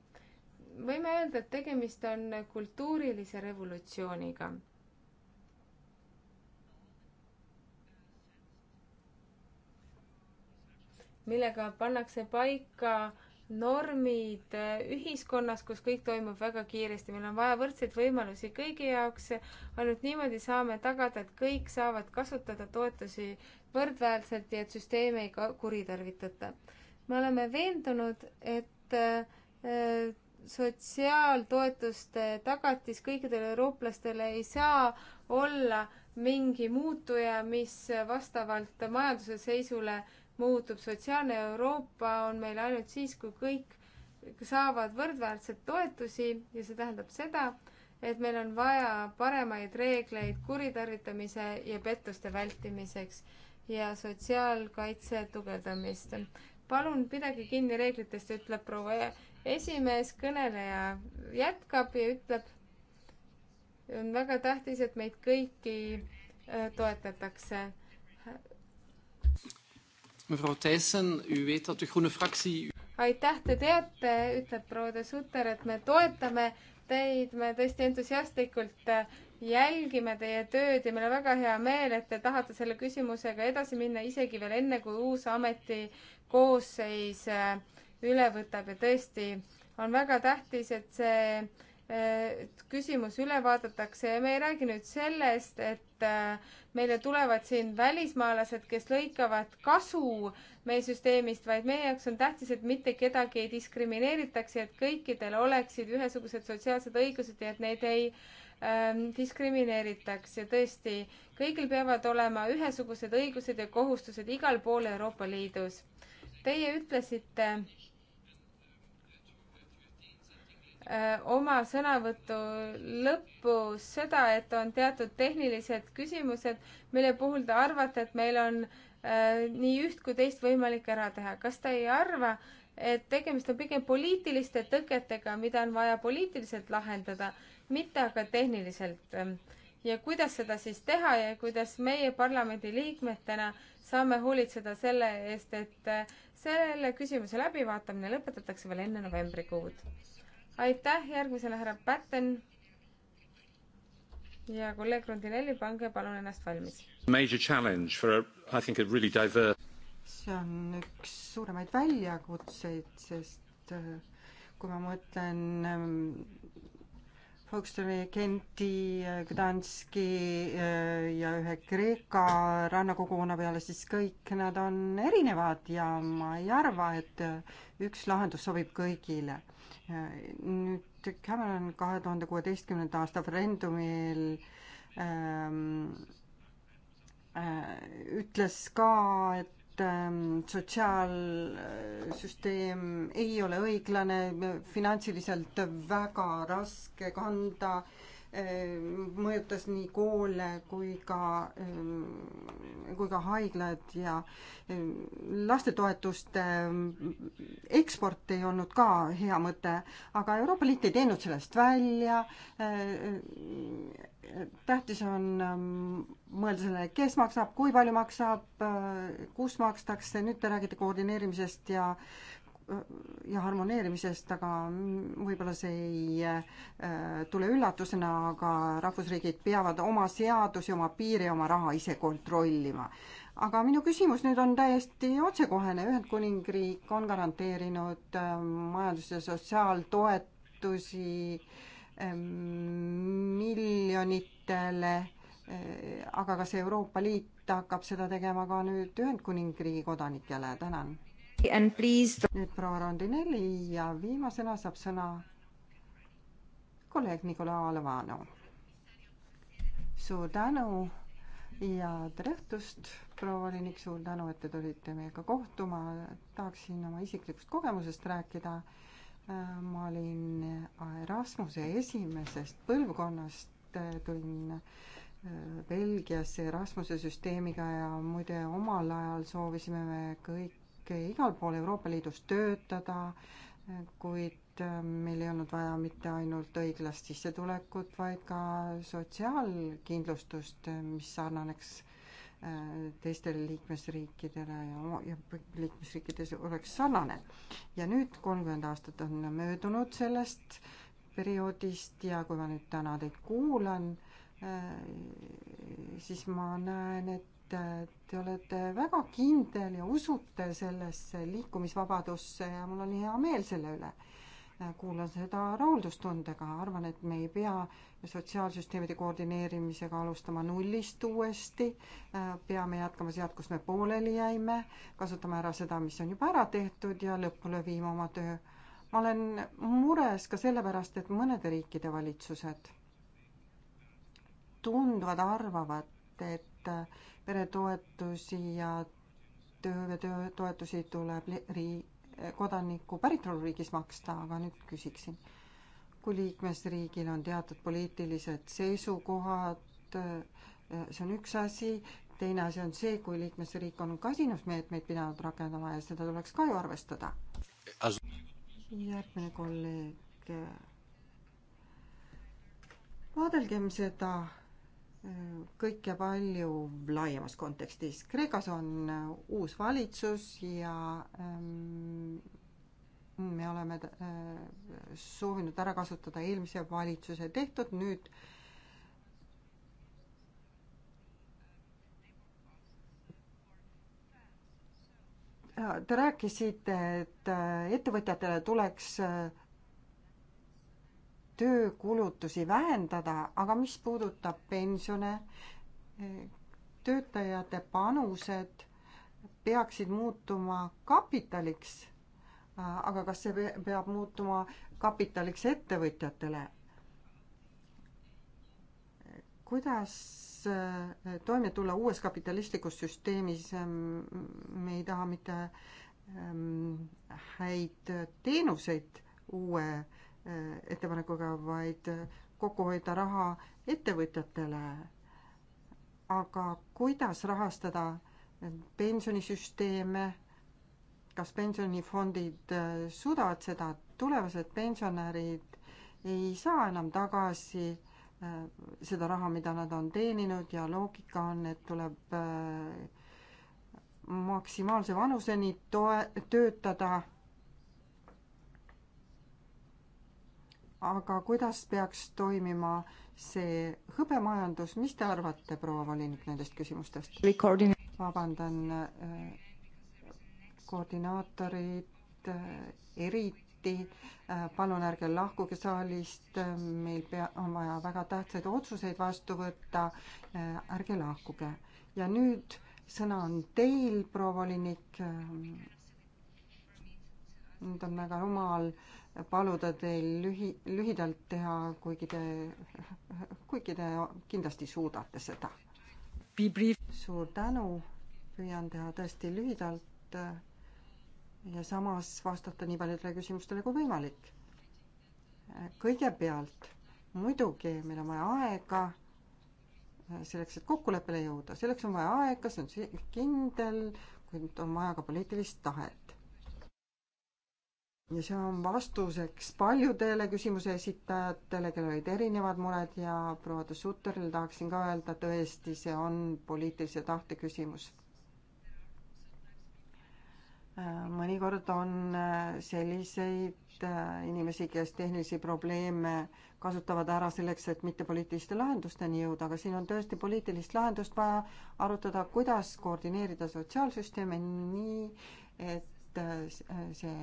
võime öelda, et tegemist on kultuurilise revolutsiooniga millega pannakse paika normid ühiskonnas, kus kõik toimub väga kiiresti, meil on vaja võrdseid võimalusi kõigi jaoks, ainult niimoodi saame tagada, et kõik saavad kasutada toetusi võrdväärselt ja et süsteemi ei kuritarvitata. me oleme veendunud, et äh, sotsiaaltoetuste tagatis kõikidele eurooplastele ei saa olla mingi muutuja, mis vastavalt majanduse seisule muutub. sotsiaalne Euroopa on meil ainult siis, kui kõik saavad võrdväärset toetusi ja see tähendab seda, et meil on vaja paremaid reegleid kuritarvitamise ja pettuste vältimiseks ja sotsiaalkaitse tugevdamist. palun pidage kinni reeglitest, ütleb proua esimees, kõneleja jätkab ja ütleb, on väga tähtis, et meid kõiki äh, toetatakse aitäh, te teate, ütleb proua de Sutter, et me toetame teid, me tõesti entusiastlikult äh, jälgime teie tööd ja meil on väga hea meel, et te tahate selle küsimusega edasi minna isegi veel enne, kui uus ametikoosseis äh, üle võtab ja tõesti on väga tähtis, et see küsimus üle vaadatakse ja me ei räägi nüüd sellest, et äh, meile tulevad siin välismaalased, kes lõikavad kasu meie süsteemist, vaid meie jaoks on tähtis, et mitte kedagi ei diskrimineeritaks ja et kõikidel oleksid ühesugused sotsiaalsed õigused ja et neid ei ähm, diskrimineeritaks ja tõesti, kõigil peavad olema ühesugused õigused ja kohustused igal pool Euroopa Liidus. Teie ütlesite, Äh, oma sõnavõtu lõpus seda, et on teatud tehnilised küsimused, mille puhul te arvate, et meil on äh, nii üht kui teist võimalik ära teha. kas te ei arva, et tegemist on pigem poliitiliste tõketega, mida on vaja poliitiliselt lahendada, mitte aga tehniliselt? Ähm, ja kuidas seda siis teha ja kuidas meie parlamendi liikmetena saame hoolitseda selle eest, et äh, selle küsimuse läbivaatamine lõpetatakse veel enne novembrikuud? aitäh, järgmisele härra Patten ja kolleeg Rondinelli, pange palun ennast valmis. Really see on üks suuremaid väljakutseid, sest äh, kui ma mõtlen Folkestoni, ähm, Genti, äh, Gdanski äh, ja ühe Kreeka rannakogukonna peale, siis kõik nad on erinevad ja ma ei arva, et üks lahendus sobib kõigile nüüd Cameron kahe tuhande kuueteistkümnenda aasta referendumil ähm, äh, ütles ka, et ähm, sotsiaalsüsteem ei ole õiglane, finantsiliselt väga raske kanda äh, Ehm, mõjutas nii koole kui ka, ehm, kui ka haiglad ja ehm, lastetoetuste eksport ei olnud ka hea mõte, aga Euroopa Liit ei teinud sellest välja. tähtis on mõelda sellele, kes maksab, kui palju maksab, kus makstakse, nüüd te räägite koordineerimisest ja ja harmoneerimisest, aga võib-olla see ei äh, tule üllatusena, aga rahvusriigid peavad oma seadusi, oma piire, oma raha ise kontrollima. aga minu küsimus nüüd on täiesti otsekohene, Ühendkuningriik on garanteerinud äh, majandus- ja sotsiaaltoetusi äh, miljonitele, aga kas Euroopa Liit hakkab seda tegema ka nüüd Ühendkuningriigi kodanikele, tänan and please. nüüd proua Rondinelli ja viimasena saab sõna kolleeg Nikolai Alevano. suur tänu ja tere õhtust, proua volinik, suur tänu, et te tulite meiega kohtuma. tahaksin oma isiklikust kogemusest rääkida. ma olin Erasmuse esimesest põlvkonnast, tulin äh, Belgiasse Erasmuse süsteemiga ja muide omal ajal soovisime me kõik igal pool Euroopa Liidus töötada, kuid äh, meil ei olnud vaja mitte ainult õiglast sissetulekut, vaid ka sotsiaalkindlustust, äh, mis sarnaneks äh, teistele liikmesriikidele ja, ja liikmesriikides oleks sarnane. ja nüüd kolmkümmend aastat on möödunud sellest perioodist ja kui ma nüüd täna teid kuulan, siis ma näen, et et äh, te olete väga kindel ja usute sellesse liikumisvabadusse ja mul on hea meel selle üle. Äh, kuulan seda rahuldustundega, arvan, et me ei pea sotsiaalsüsteemide koordineerimisega alustama nullist uuesti, äh, peame jätkama sealt, kus me pooleli jäime, kasutama ära seda, mis on juba ära tehtud ja lõpule viima oma töö. ma olen mures ka sellepärast, et mõnede riikide valitsused tunduvad arvavat, et peretoetusi ja tööhõive toetusi tuleb ri-, kodaniku päritoluriigis maksta, aga nüüd küsiksin, kui liikmesriigil on teatud poliitilised seisukohad, see on üks asi, teine asi on see, kui liikmesriik on kasinusmeetmeid pidanud rakendama ja seda tuleks ka ju arvestada. järgmine kolleeg. vaadelgem seda kõik ja palju laiemas kontekstis. Kreekas on äh, uus valitsus ja ähm, me oleme äh, soovinud ära kasutada eelmise valitsuse tehtud, nüüd äh, Te rääkisite, et äh, ettevõtjatele tuleks äh, töökulutusi vähendada, aga mis puudutab pensione, töötajate panused peaksid muutuma kapitaliks. aga kas see peab muutuma kapitaliks ettevõtjatele? kuidas äh, toime tulla uues kapitalistlikus süsteemis, ähm, me ei taha mitte ähm, häid teenuseid uue Eh, ettepanekuga, vaid eh, kokku hoida raha ettevõtjatele. aga kuidas rahastada eh, pensionisüsteeme, kas pensionifondid suudavad seda, tulevased pensionärid ei saa enam tagasi seda raha, mida nad on teeninud ja loogika on, et tuleb maksimaalse vanuseni toe, töötada aga kuidas peaks toimima see hõbemajandus, mis te arvate, proua volinik, nendest küsimustest? vabandan, äh, koordinaatorid äh, eriti, äh, palun ärge lahkuge saalist, meil pea, on vaja väga tähtsaid otsuseid vastu võtta, ärge lahkuge. ja nüüd sõna on teil, proua volinik. nüüd on väga rumal äh, paluda teil lühi, lühidalt teha, kuigi te, kuigi te kindlasti suudate seda. suur tänu, püüan teha tõesti lühidalt ja samas vastata nii paljudele küsimustele kui võimalik. kõigepealt muidugi meil on vaja aega selleks, et kokkuleppele jõuda, selleks on vaja aega, see on kindel, kuid on vaja ka poliitilist tahet ja see on vastuseks paljudele küsimuse esitajatele, kellel olid erinevad mured ja proua de Sutterile tahaksin ka öelda, tõesti, see on poliitilise tahte küsimus. mõnikord on äh, selliseid äh, inimesi, kes tehnilisi probleeme kasutavad ära selleks, et mitte poliitiliste lahendusteni jõuda, aga siin on tõesti poliitilist lahendust vaja arutada, kuidas koordineerida sotsiaalsüsteeme nii, et Äh, see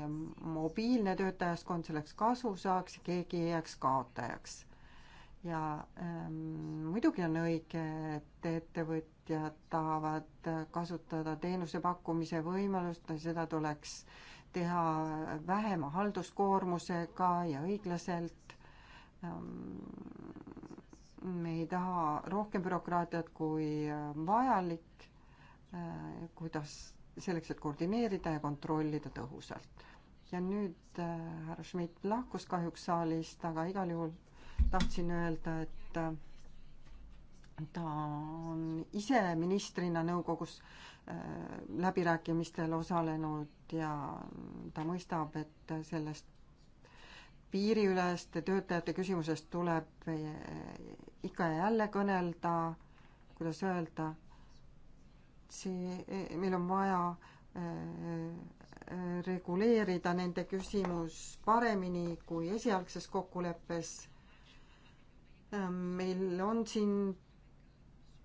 mobiilne töötajaskond selleks kasu saaks ja keegi ei jääks kaotajaks. ja ähm, muidugi on õige, et ettevõtjad tahavad kasutada teenuse pakkumise võimalust ja seda tuleks teha vähema halduskoormusega ja õiglaselt ähm, me ei taha rohkem bürokraatiat kui äh, vajalik. Äh, kuidas selleks, et koordineerida ja kontrollida tõhusalt. ja nüüd äh, härra Schmidt lahkus kahjuks saalist, aga igal juhul tahtsin öelda, et äh, ta on ise ministrina nõukogus äh, läbirääkimistel osalenud ja ta mõistab, et sellest piiriüleste töötajate küsimusest tuleb ikka ja jälle kõnelda, kuidas öelda see, meil on vaja äh, äh, reguleerida nende küsimus paremini kui esialgses kokkuleppes. Ähm, meil on siin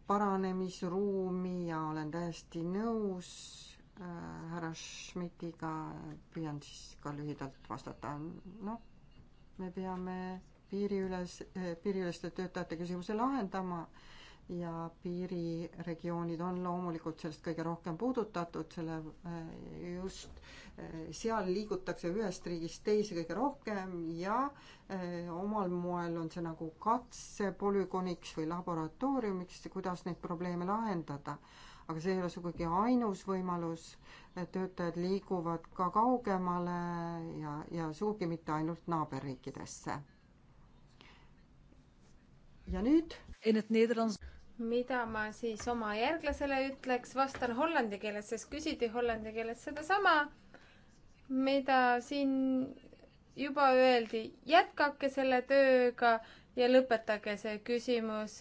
paranemisruumi ja olen täiesti nõus äh, härra Schmidtiga, püüan siis ka lühidalt vastata. noh, me peame piiriüles, piiriüleste töötajate küsimuse lahendama ja piiriregioonid on loomulikult sellest kõige rohkem puudutatud, selle eh, just eh, seal liigutakse ühest riigist teise kõige rohkem ja eh, omal moel on see nagu katsepolügooniks või laboratooriumiks, kuidas neid probleeme lahendada. aga see ei ole sugugi ainus võimalus, töötajad liiguvad ka kaugemale ja, ja sugugi mitte ainult naaberriikidesse. ja nüüd? in het Nederlands mida ma siis oma järglasele ütleks, vastan hollandi keeles, sest küsiti hollandi keeles sedasama, mida siin juba öeldi, jätkake selle tööga ja lõpetage see küsimus.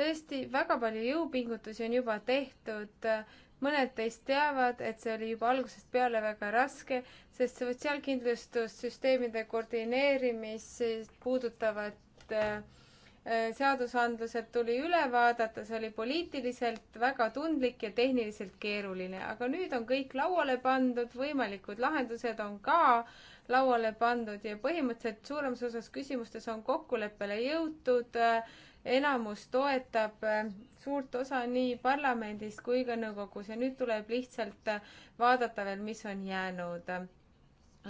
tõesti, väga palju jõupingutusi on juba tehtud. mõned teist teavad, et see oli juba algusest peale väga raske, sest sotsiaalkindlustussüsteemide koordineerimist puudutavat äh, Äh, seadusandlused tuli üle vaadata, see oli poliitiliselt väga tundlik ja tehniliselt keeruline, aga nüüd on kõik lauale pandud, võimalikud lahendused on ka lauale pandud ja põhimõtteliselt suuremas osas küsimustes on kokkuleppele jõutud. Äh, enamus toetab äh, suurt osa nii parlamendist kui ka nõukogus ja nüüd tuleb lihtsalt vaadata veel, mis on jäänud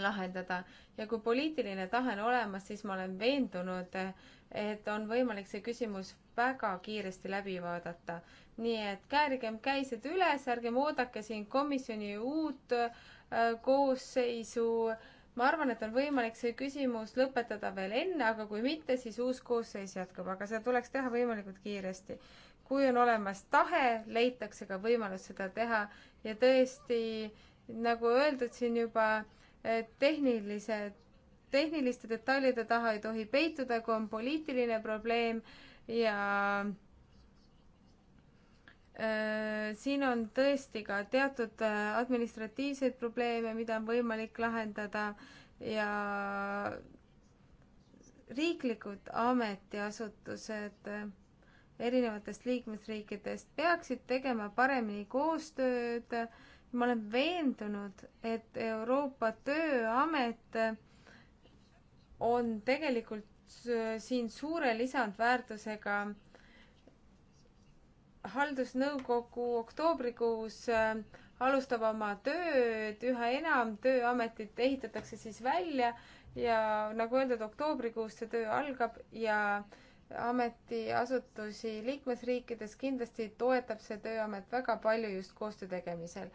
lahendada ja kui poliitiline tahe on olemas, siis ma olen veendunud, et on võimalik see küsimus väga kiiresti läbi vaadata. nii et käärigem käised üles, ärgem oodake siin komisjoni uut äh, koosseisu. ma arvan, et on võimalik see küsimus lõpetada veel enne, aga kui mitte, siis uus koosseis jätkab, aga seda tuleks teha võimalikult kiiresti. kui on olemas tahe, leitakse ka võimalus seda teha ja tõesti, nagu öeldud siin juba, tehnilised tehniliste detailide taha ei tohi peituda, kui on poliitiline probleem ja äh, siin on tõesti ka teatud äh, administratiivseid probleeme, mida on võimalik lahendada ja riiklikud ametiasutused äh, erinevatest liikmesriikidest peaksid tegema paremini koostööd. ma olen veendunud, et Euroopa Tööamet on tegelikult äh, siin suure lisandväärtusega haldusnõukogu oktoobrikuus äh, alustab oma tööd, üha enam tööametit ehitatakse siis välja ja nagu öeldud, oktoobrikuus see töö algab ja äh, ametiasutusi liikmesriikides, kindlasti toetab see Tööamet väga palju just koostöö tegemisel.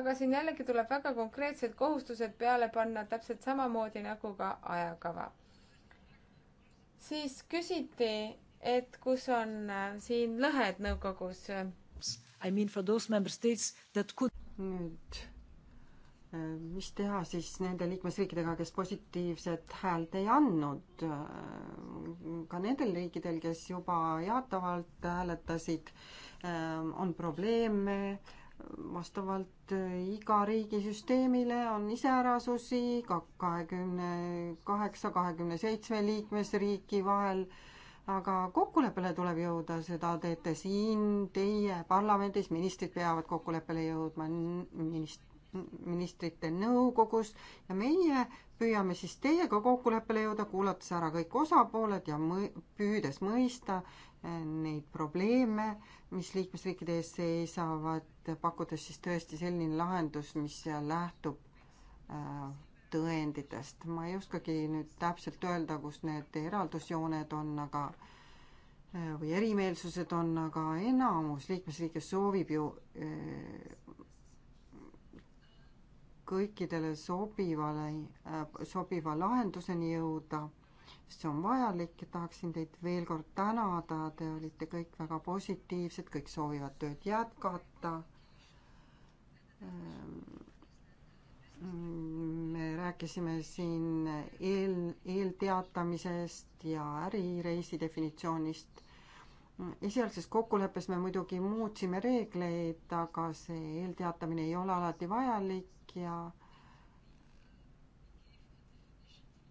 aga siin jällegi tuleb väga konkreetsed kohustused peale panna, täpselt samamoodi nagu ka ajakava. siis küsiti, et kus on äh, siin lõhed nõukogus. I mean for those member states that could nüüd mis teha siis nende liikmesriikidega, kes positiivset häält ei andnud? ka nendel riikidel, kes juba jaatavalt hääletasid, on probleeme vastavalt iga riigi süsteemile on iseärasusi ka kahekümne kaheksa, kahekümne seitsme liikmesriigi vahel, aga kokkuleppele tuleb jõuda, seda teete siin teie parlamendis, ministrid peavad kokkuleppele jõudma, minist-, ministrite nõukogus ja meie püüame siis teiega kokkuleppele jõuda, kuulates ära kõik osapooled ja mõ-, püüdes mõista eh, neid probleeme, mis liikmesriikide ees seisavad, pakkudes siis tõesti selline lahendus, mis lähtub eh, tõenditest. ma ei oskagi nüüd täpselt öelda, kus need eraldusjooned on, aga eh, või erimeelsused on, aga enamus liikmesriike soovib ju öö, kõikidele sobivale, äh, sobiva lahenduseni jõuda, sest see on vajalik ja tahaksin teid veel kord tänada, te olite kõik väga positiivsed, kõik soovivad tööd jätkata. Äh, me rääkisime siin eel, eelteatamisest ja ärireisi definitsioonist esialgses kokkuleppes me muidugi muutsime reegleid, aga see eelteatamine ei ole alati vajalik ja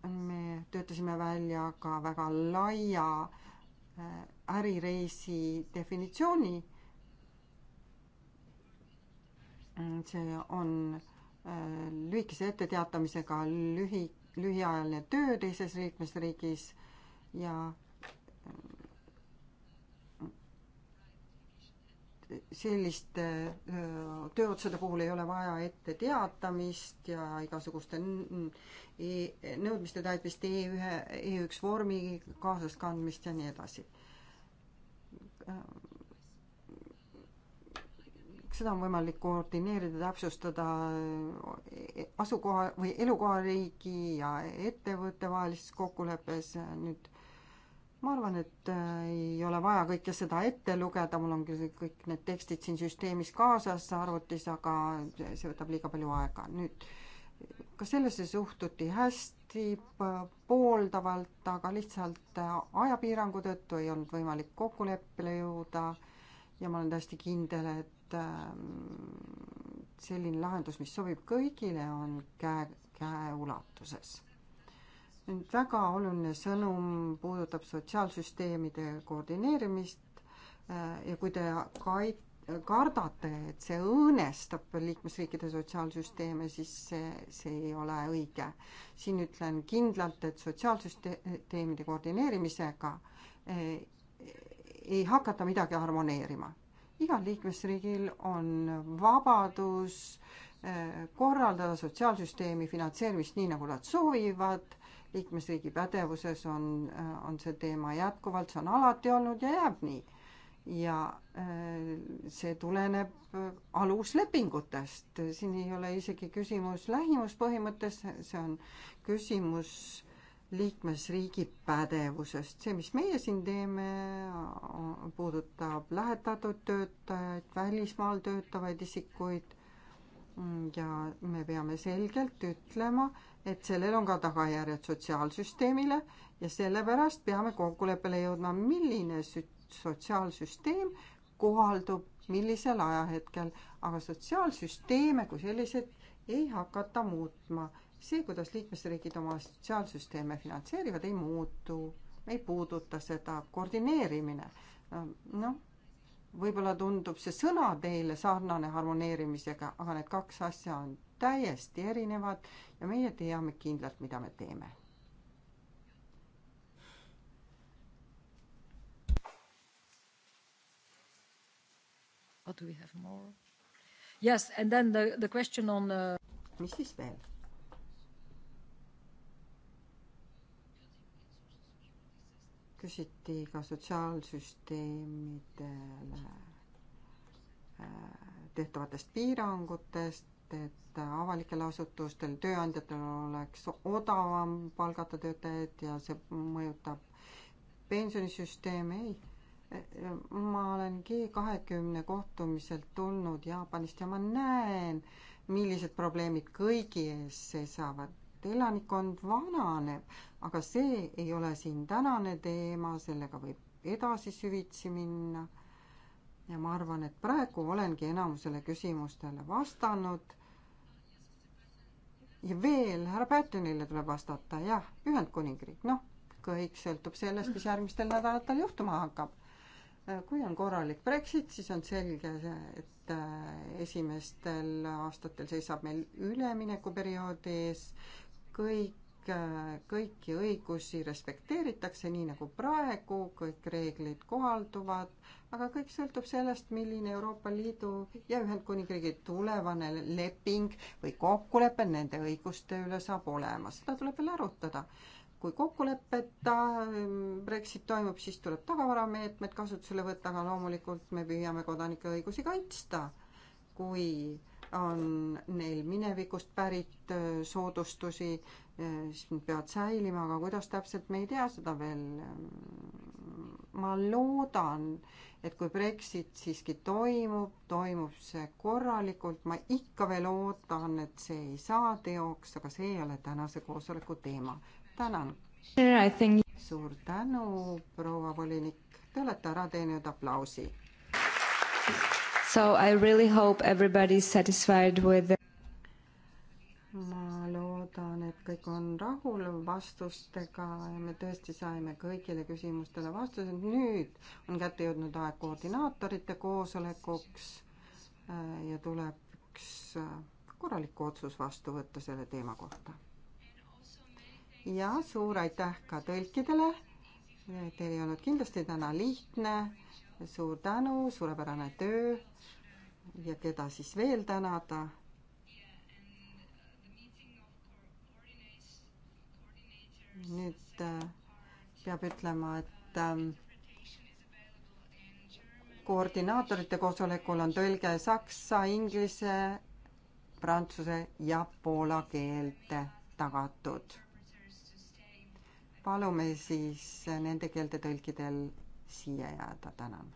me töötasime välja ka väga laia äh, ärireisi definitsiooni. Mm, see on äh, lühikese etteteatamisega lühi, lühiajaline töö teises liikmesriigis ja selliste tööotsade puhul ei ole vaja ette teatamist ja igasuguste e-, nõudmiste täitmist E1, E1 vormi kaasas kandmist ja nii edasi. seda on võimalik koordineerida, täpsustada e-, asukoha või elukohariigi ja ettevõtte vahelises kokkuleppes nüüd ma arvan, et äh, ei ole vaja kõike seda ette lugeda, mul on küll kõik need tekstid siin süsteemis kaasas arvutis, aga see võtab liiga palju aega. nüüd, ka sellesse suhtuti hästi pooldavalt, aga lihtsalt äh, ajapiirangu tõttu ei olnud võimalik kokkuleppele jõuda ja ma olen täiesti kindel, et ähm, selline lahendus, mis sobib kõigile, on käe, käeulatuses nüüd väga oluline sõnum puudutab sotsiaalsüsteemide koordineerimist äh, ja kui te kait-, kardate, et see õõnestab liikmesriikide sotsiaalsüsteeme, siis see, see ei ole õige. siin ütlen kindlalt, et sotsiaalsüsteemide koordineerimisega äh, ei hakata midagi harmoneerima. igal liikmesriigil on vabadus äh, korraldada sotsiaalsüsteemi finantseerimist nii, nagu nad soovivad liikmesriigi pädevuses on, äh, on see teema jätkuvalt, see on alati olnud ja jääb nii. ja äh, see tuleneb äh, aluslepingutest, siin ei ole isegi küsimus lähimuspõhimõttes, see on küsimus liikmesriigi pädevusest. see, mis meie siin teeme, puudutab lähetatud töötajaid, välismaal töötavaid isikuid mm, ja me peame selgelt ütlema, et sellel on ka tagajärjed sotsiaalsüsteemile ja sellepärast peame kokkuleppele jõudma, milline sotsiaalsüsteem kohaldub millisel ajahetkel, aga sotsiaalsüsteeme kui selliseid ei hakata muutma. see, kuidas liikmesriigid oma sotsiaalsüsteeme finantseerivad, ei muutu, ei puuduta seda, koordineerimine, noh, võib-olla tundub see sõna teile sarnane harmoneerimisega, aga need kaks asja on täiesti erinevad ja meie teame kindlalt, mida me teeme. What do we have more? Yes, and then the, the question on uh... mis siis veel? küsiti ka sotsiaalsüsteemidele äh, äh, tehtavatest piirangutest, et, et avalikel asutustel, tööandjatel oleks odavam palgata töötajaid ja see mõjutab pensionisüsteemi, ei. ma olen G kahekümne kohtumiselt tulnud Jaapanist ja ma näen, millised probleemid kõigi ees seisavad. elanikkond vananeb, aga see ei ole siin tänane teema, sellega võib edasi süvitsi minna ja ma arvan, et praegu olengi enamusele küsimustele vastanud. ja veel härra Pattonile tuleb vastata, jah, Ühendkuningriik, noh, kõik sõltub sellest, mis järgmistel nädalatel juhtuma hakkab. kui on korralik Brexit, siis on selge, et äh, esimestel aastatel seisab meil üleminekuperiood ees, kõik kõiki õigusi respekteeritakse, nii nagu praegu, kõik reeglid kohalduvad, aga kõik sõltub sellest, milline Euroopa Liidu ja Ühendkuningriigi tulevane leping või kokkulepe nende õiguste üle saab olema, seda tuleb veel arutada. kui kokkulepeta ähm, Brexit toimub, siis tuleb tagavarameetmed kasutusele võtta, aga loomulikult me püüame kodanike õigusi kaitsta, kui äh, on neil minevikust pärit äh, soodustusi, äh, siis nad peavad säilima, aga kuidas täpselt, me ei tea seda veel. ma loodan, et kui Brexit siiski toimub, toimub see korralikult, ma ikka veel ootan, et see ei saa teoks, aga see ei ole tänase koosoleku teema. tänan. suur tänu, proua volinik, te olete ära teinud aplausi So I really hope everybody is satisfied with the ma loodan, et kõik on rahul vastustega ja me tõesti saime kõigile küsimustele vastused. nüüd on kätte jõudnud aeg koordinaatorite koosolekuks äh, ja tuleb üks äh, korralik otsus vastu võtta selle teema kohta. ja suur aitäh ka tõlkidele. Teil ei olnud kindlasti täna lihtne suur tänu, suurepärane töö ja keda siis veel tänada. nüüd äh, peab ütlema, et ähm, koordinaatorite koosolekul on tõlge saksa, inglise, prantsuse ja poola keelde tagatud. palume siis nende keelte tõlkidel siia jääda, tänan.